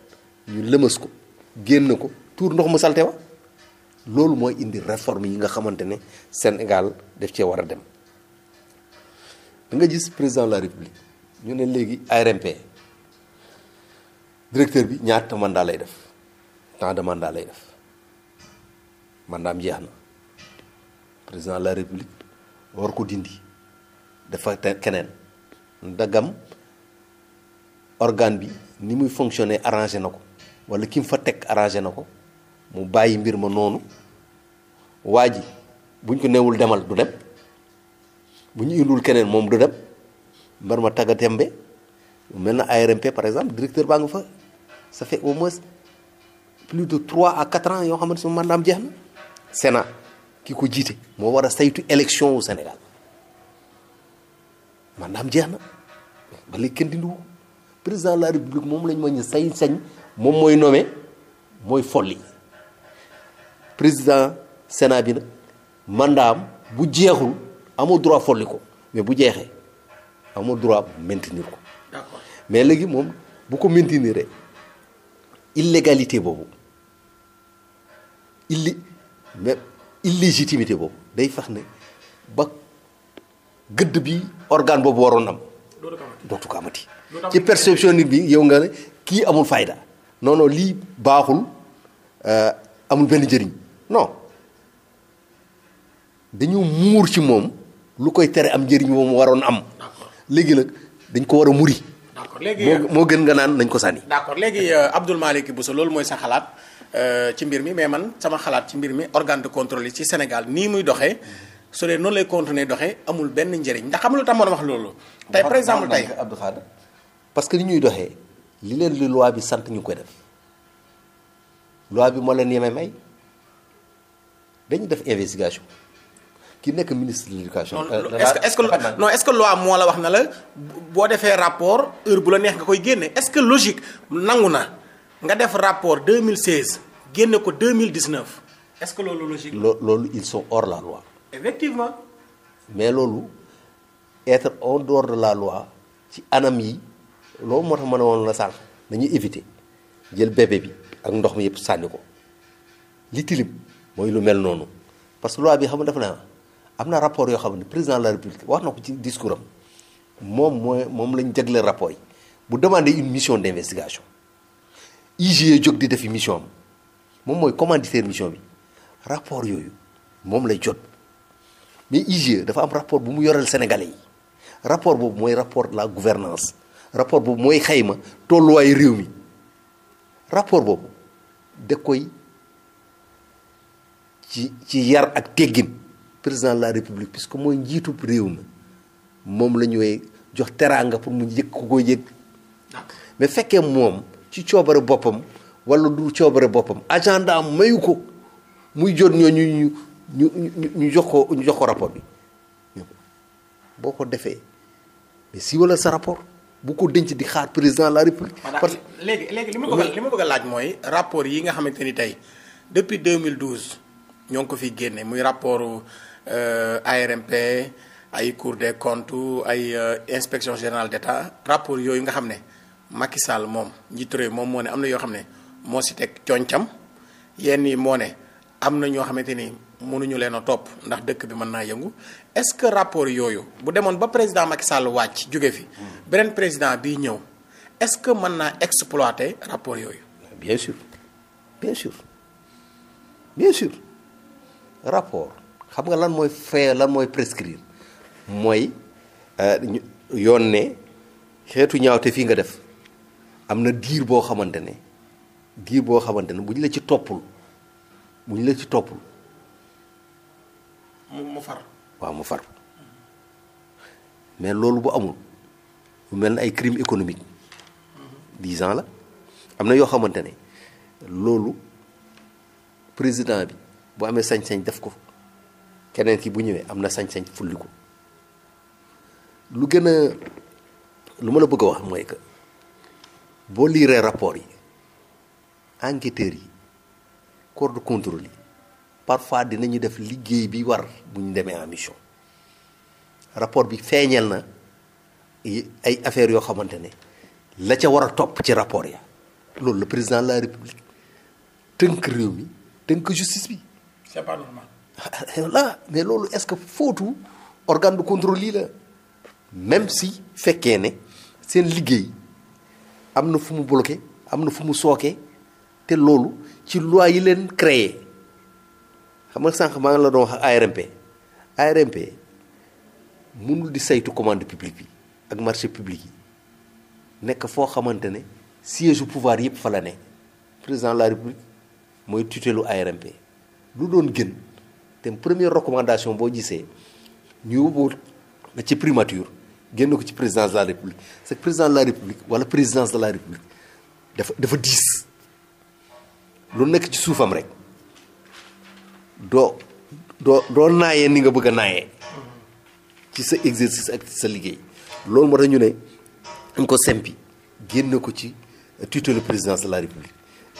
ñu lëmas ko génn ko tuur ndox mu salte wa loolu mooy indi réforme yi nga xamante ne Sénégal daf cee war a dem da nga gis président de la république ñu ne léegi ARMP directeur bi ñaata mandat lay def temps de mandat lay def mandaam jeex na président de la république war ko dindi dafa keneen ndagam organe bi ni muy fonctionner arrangé na ko wala kii mu fa teg arrangé na ko mu bàyyi mbir ma noonu waa ji buñ ko newul demal du dem bu ñu indul keneen moom du dem mbar ma tàggatembe mel na ARMP par exemple directeur baa nga fa ça au moins plus de à quatre ans yoo xamante suma mandaam jeex na Sénat ki ko jiite moo war a saytu élection wu Sénégal mandaam jeex na ba léegi kenn dindiwu président la république moom lañ ma ñu sañ-sañ moom mooy nommé mooy folli président Sénat bi mandaa am bu jeexul amul droit folli ko mais bu jeexee amul droit maintenir ko. mais léegi moom bu ko maintenir illégalité boobu illi mais illégitimité boobu day fex ne ba gëdd bi organe boobu waroon am. dootu ko amati ci perception nit bi yow nga kii amul fayda. non lii baaxul euh, amul benn njëriñ non dañoo muur ci moom lu koy tere am njëriñ moom waroon am léegi nag dañ ko war a muri. d'accord léegi moo gën nga naan nañ ko sànni. d'accord léegi euh, Abdoul bu Bousso loolu mooy sa xalaat euh, ci mbir mi mais man sama xalaat ci mbir mi organe de contrôle yi ci Sénégal nii muy doxee. su dee noonu lay continuer doxee amul benn njëriñ ndax xam lu tax mën a wax loolu. tey par exemple tey Abdou Khadre parce que ni ñuy doxee. li leen li loi bi sant ñu koy def loi bi moo leen yemee may dañu def investigation ki nekk ministre de l'éducation. Euh, est-ce que non est-ce moo la wax na la boo defee rapport heure bu la neex nga koy génne est-ce que logique nangu na nga def rapport 2016 génne ko 2019 est-ce que loolu logique. loo loolu ils sont hors la loi. mais loolu être en dehors de la loi ci anam yi. loolu moo tax mën a woon la sànq dañuy éviter jël bébé bi ak ndox mi yëpp sànni ko li tilim mooy lu mel noonu parce que loi bi xam nga dafa ne am na rapport yoo xam ne président de la république wax na ko ci discours am moom mooy moom lañ jagleel rapport yi bu demander une mission d' investigation IGE jóg di defi mission moom mooy commanditaire mission bi rapport yooyu moom lay jot mais IGE dafa am rapport bu mu yoreel sénégalais yi rapport boobu mooy rapport de la gouvernance rapport boobu mooy xayma tolluwaayu réew mi rapport boobu da koy ci ci yar ak teggin président la république que mooy njiitu réew mi moom la ñuy jox teraanga pour mu yëg ku ko yëg mais fekkee moom ci coobare boppam wala du coobare boppam agenda am mayu ko muy jot ñoo ñu ñu ñu ñu jox ko ñu jox ko rapport bi boo ko defee mais si wala sa rapport bu ko denc di xaar président de la république. parce léegi léegi li ma bëgg li ma bëgg laaj mooy rapport yi nga xamante ni tey depuis mille 2012 ñoo ngi ko fiy génne muy rapport euh, ARMP ay Cour des comptes ay euh, inspection générale d'État rapport yooyu nga xam ne Macky Sall moom njiitu réew moom moo ne am na yoo xam ne moo si teg coñcam yenn yi moo ne am na ñoo xamante ni. mënuñu leen a topp ndax dëkk bi mën naa yëngu est-ce que rapport yooyu bu demoon ba président Macky Sall wàcc jóge fi beneen président bii ñëw est-ce que mën naa exploité rapport yooyu. bien sûr bien sûr rapport xam nga lan mooy fee lan mooy prescrire mooy euh, yoon ne xeetu ñaawte fii nga def am na diir boo xamante ne diir boo xamante ne bu ñu la ci toppul bu ñu la ci toppul. mu far. waaw mu far mais loolu bu amul mu mel ne ay crime économique dix ans la am na yoo xamante ne loolu président bi bu amee sañ-sañ def ko keneen ki bu ñëwee am na sañ-sañ fulli ko lu gën a lu ma la bëgg a wax mooy que boo liiree rapport yi enquêteurs yi corps de contrôle yi. parfois dinañu def liggéey bi war bu ñu demee en mission rapport bi feeñal na ay affaires yoo xamante ne la ca war a topp ci rapport ya loolu le président de la république tënk réew mi tënk justice bi. c'est pas normal. voilà mais loolu est-ce que fóotu organe de contrôle lii la même si fekkee ne seen liggéey am na fu mu bloqué am na fu mu sookee te loolu ci loi yi leen créer xam nga sànq maa ngi la doon wax ak ARMP ARMP mënul di saytu commande publique bi ak marché public yi nekk foo xamante ne siège pouvoir yëpp fa la ne président de la république mooy tutelu ARMP lu doon gën te première recommandation boo gisee ñu yóbbu na ci primature génn ko ci président de la république c'est président de la république wala présidence de la république dafa dafa diis lu nekk ci suufam rek doo doo doo naayee ni nga bëgg a naayee ci sa exercice ak sa liggéey loolu moo tax ñu ne dañ ko sempi génn ko ci tutelle présidence de la république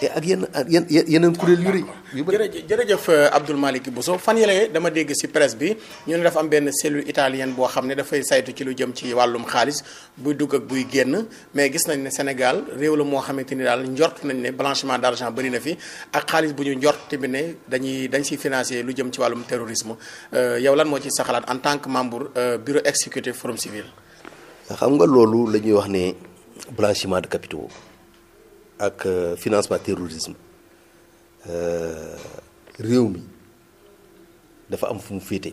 et ak yenn yeneen kuréel yu rëy yu bëri jërëjëf euh, Abdoul Malick Bousso fan yële dama dégg ci presse bi ñu ne dafa am benn cellule italienne boo xam ne dafay saytu ci lu jëm ci wàllum xaalis buy dugg ak buy génn mais gis nañ ne Sénégal réew la moo xamante ni daal njort nañ ne blanchiment d'argent bëri na fi ak xaalis bu ñu njort tamit ne dañuy dañ ciy financer lu jëm ci wàllum terrorisme euh, yow lan moo ci sa xalaat en tant que membre euh, bureau exécutif Forum Civil. xam nga loolu la ñuy wax ne blanchiment de capitaux. ak euh, financement terrorisme euh, réew mi dafa am fu mu féete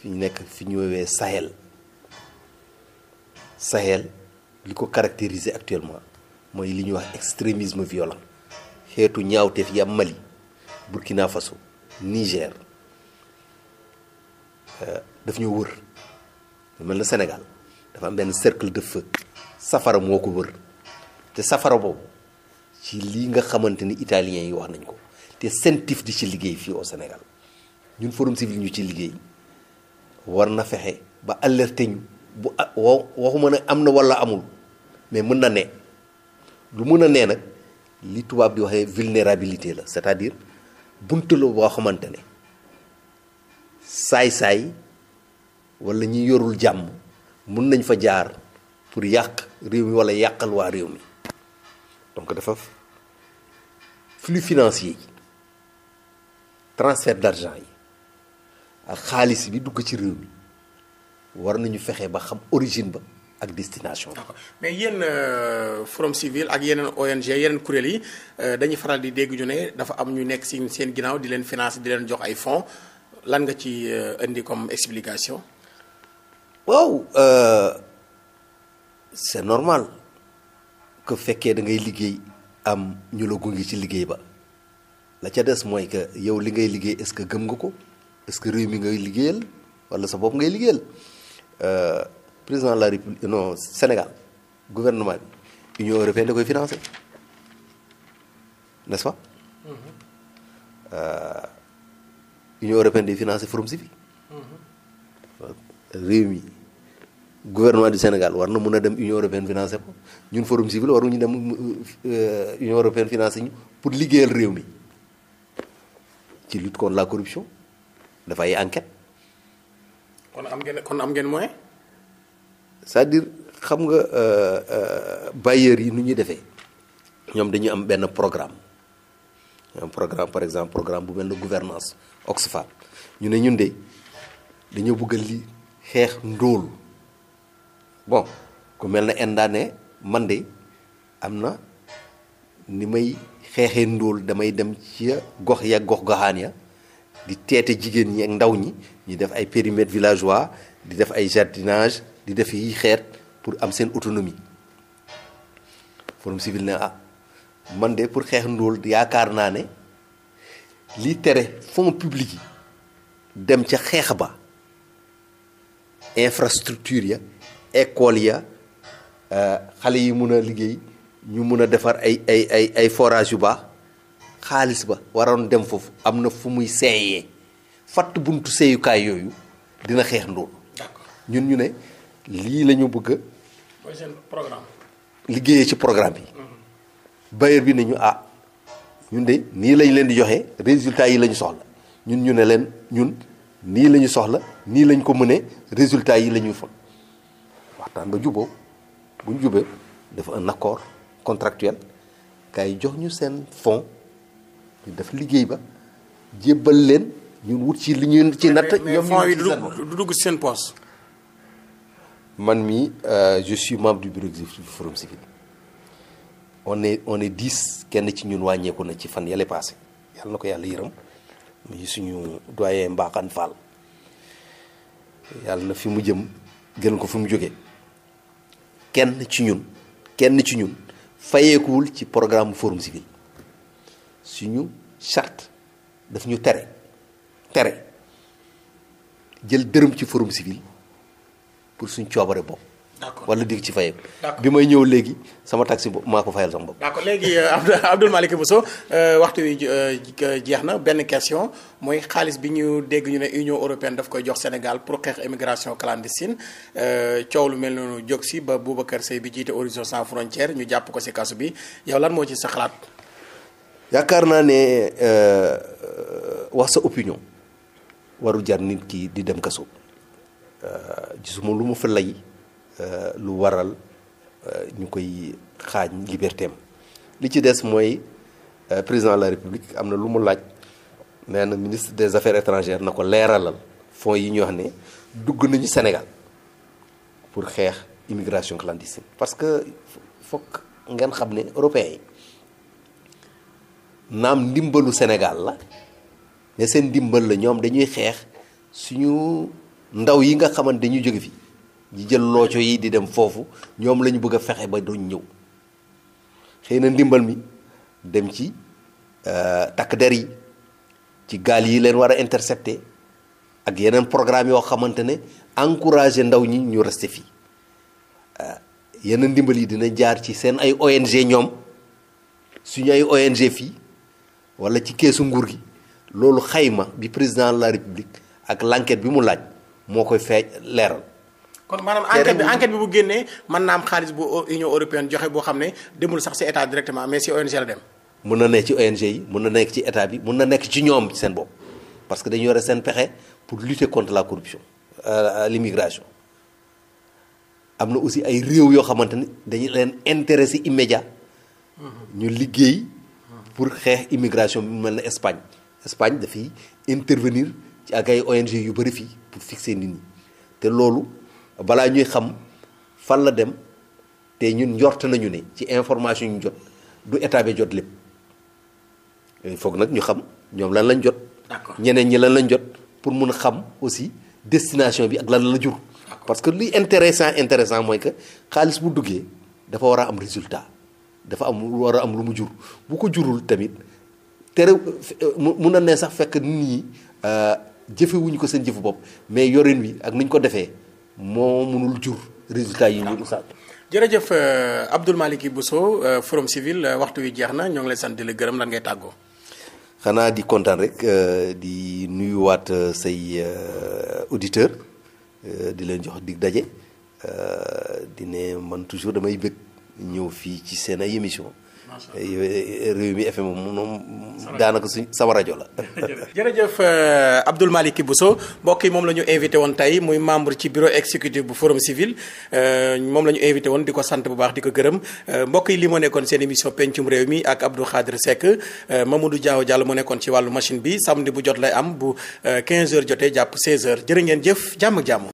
fi ñu nekk fi ñu woowee Sahel Sahel li ko caractériser actuellement mooy li ñuy wax extrémisme violent xeetu ñaawteef yi am Mali Burkina Faso Niger euh, daf ñu wër lu mel ne Sénégal dafa am benn cercle de feu safara moo ko wër te safara boobu ci li nga xamante ni italiens yi wax nañ ko te CENTIF di ci liggéey fii au Sénégal ñun forum civil ñu ci liggéey war na fexe ba alerter ñu bu waxuma ne am na walla amul mais mën na ne lu mën a nee nag li tubaab di waxee vulnérabilité la c'est-à-dire bunt la boo xamante ne saay-saay walla ñi yorul jàmm mën nañ fa jaar pour yàq réew mi walla yàqal waa réew mi donc dafa flux financier yi transfert d'argent yi ak xaalis bi dugg ci réew mi war nañu fexe ba xam origine ba ak destination bi. mais yéen euh, forum civil ak yeneen ONG yeneen kuréel yi euh, dañuy faral di dégg ñu ne dafa am ñu nekk si seen ginnaaw di leen finance di leen jox ay fonds lan nga ci euh, indi comme explication. waaw c'est normal. que fekkee da ngay liggéey am ñu la gunge ci liggéey ba la ca des mooy que yow li ngay liggéey est-ce que gëm nga ko est-ce que réew mi ngay liggéeyal walla sa bopp ngay liggéeyal euh, président la république euh, non Sénégal gouvernement bi union européenne da koy financé n'est-ce pas. Mm-hmm. Euh, union européenne day financé forum civil. Mm-hmm. réew mi. gouvernement du Sénégal war na mun a dem Union européenne financé ñun forum civil waruñu dem euh, Union européenne financé ñu pour liggéeyal réew mi ci lutte contre la corruption dafay ay enquête kon am ngeen kon am ngeen moyen. cest dire xam nga euh, euh, bailleurs yi nu ñuy defee ñoom dañuy am benn programme programme par exemple programme bu benn ne gouvernance Oxfam ñu ne ñun de dañoo bëgg li xeex ndóol. bon ku mel na Enda man de am na ni may xeexee ndóol damay dem ci gox ya gox goxaan ya di teete jigéen ñi ak ndaw ñi ñu def ay périmètre villageois di def ay jardinage di def yi xeet pour am seen autonomie forum civil ne ah man de pour xeex ndóol yaakaar naa ne li tere fonds publics yi dem ca xeex ba infrastructure ya école ya euh, xale yi mun a liggéey ñu mun a defar ay ay ay ay forage yu baax xaalis ba waroon dem foofu am na fu muy seeyee fàtt buntu seeyukaay yooyu dina xeex ndóol ñun ñu ne lii lañu ñu bëgg programme liggéeyee ci programme bi mhm. bailleur bi nañu a ah, ñun de nii lañ leen di joxe résultat yi la ñu soxla ñun ñu ne leen ñun nii la soxla nii lañ ko mënee résultat yi la ñuy waxtaan ba juboo bu ñu jubee dafa un accord contractuel kay jox ñu seen fonds ñu def liggéey ba jébbal leen ñun wut ci li ñu ci natt. ñoom fonds yi dugg seen poche. man mi euh, je suis membre du bureau exécutif du forum civil on est on est dix kenn ci ñun wàññeeku na ci fan yale passé yàlla na ko yàlla yërëm muy suñu doyen Mbaxane Fall yàlla na fi mu jëm gën ko fi mu jóge kenn ci ñun kenn ci ñun fayeekuwul ci programme forum civil suñu charte daf ñu tere tere jël dërëm ci forum civil pour suñ coobare bopp wala dig ci fayam bi may ñëw léegi sama taxi maa ko fayal sama bopp. d'accord léegi euh, Abdoul Malick Bousso euh, waxtu wi euh, jeex na benn question mooy xaalis bi ñu dégg ñu ne Union européenne daf koy jox Sénégal pour xeex immigration clandestine coow lu mel noonu jóg si ba Boubacar Seye bi jiite Horizon Sans Frontières ñu jàpp ko si kasu bi yow lan moo ci sa xalaat. yaakaar naa ne wax sa opinion waru jar nit ki di dem kaso gisuma lu mu fa lay. Euh, lu waral euh, ñu koy xaañ liberté li ci des mooy euh, président de la république am na lu mu laaj nee na ministre des affaires étrangères na ko leeralal fonds yi ñu wax ne dugg nañu Sénégal pour xeex immigration clandestine parce que fokk ngeen xam ne européens yi naam ndimbalu Sénégal la ne seen ndimbal la ñoom dañuy xeex suñu ndaw yi nga xamante dañuy jóge fii ñi jël looco yi di dem foofu ñoom la ñu bëgg a fexe ba doon ñëw xëy na ndimbal mi dem ci euh, takk der yi ci gaal yi leen war a intercepter ak yeneen programme yoo xamante ne encourager ndaw ñi ñu rester fii euh, yenn ndimbal yi dina jaar ci seen ay ONG ñoom suñu ay ONG fii walla ci keesu nguur gi loolu xayma bi président la république ak l'enquête bi mu laaj moo koy feej leeral kon maanaam enquête bi enquête bi bu génnee mën naa am xaalis bu Union européenne joxe boo xam ne demul sax ci état directement mais ci ONG la dem. mun na nekk ci ONG yi mun na nekk ci état bi mun na nekk ci ñoom seen bopp parce que dañu yore seen pexe pour lutter contre la corruption euh, l'immigration am na aussi ay réew yoo xamante ni dañu leen intérêt immédiat ñu liggéey pour xeex immigration bi mu mel ne Espagne Espagne dafay intervenir ci ak ay ONG yu bëri fii pour fixer nit ñi te loolu. balaa ñuy xam fan la dem te ñun njort nañu ne ci information ñu jot du état bi jot lépp foog nag ñu xam ñoom lan lañ jot. d'accord ñeneen ñi lan lañ jot pour mun a xam aussi destination bi ak lan la jur. parce que li intéressant intéressant mooy que xaalis bu duggee dafa war a am résultat dafa am war a am lu mu jur bu ko jurul tamit tere mun a ne sax fekk nit ñi euh, jëfewuñu ko seen jëfu bopp mais yorin wi ak nuñ ko defee. moo mënul jur résultat yi ñu ustaas jërëjëf euh, Abdou bu Bousso euh, forom Civil euh, waxtu wi jeex na ñoo ngi lay sant di la gërëm lan ngay tàggoo. xanaa di kontaan rek di nuyuwaat say auditeur di leen jox dig daje di ne man toujours damay bëgg ñëw fii ci seen ay émission réew mi FM moom moom daanaka suñ sama rajo la. jërëjëf euh, Abdoul Malick Bousso mbokk yi moom la ñu invité woon tey muy membre ci bureau exécutif bu forum civil euh, moom la ñu invité woon di ko sant bu baax di ko gërëm euh, mbokk yi li moo nekkoon seen émission pencum réew mi ak Abdou Khadre Seck Mamadou Diaw Diallo moo nekkoon ci wàllu machine bi samedi bu jot lay am bu 15h jotee jàpp 16h jërë ngeen jëf jàmm ak jàmm.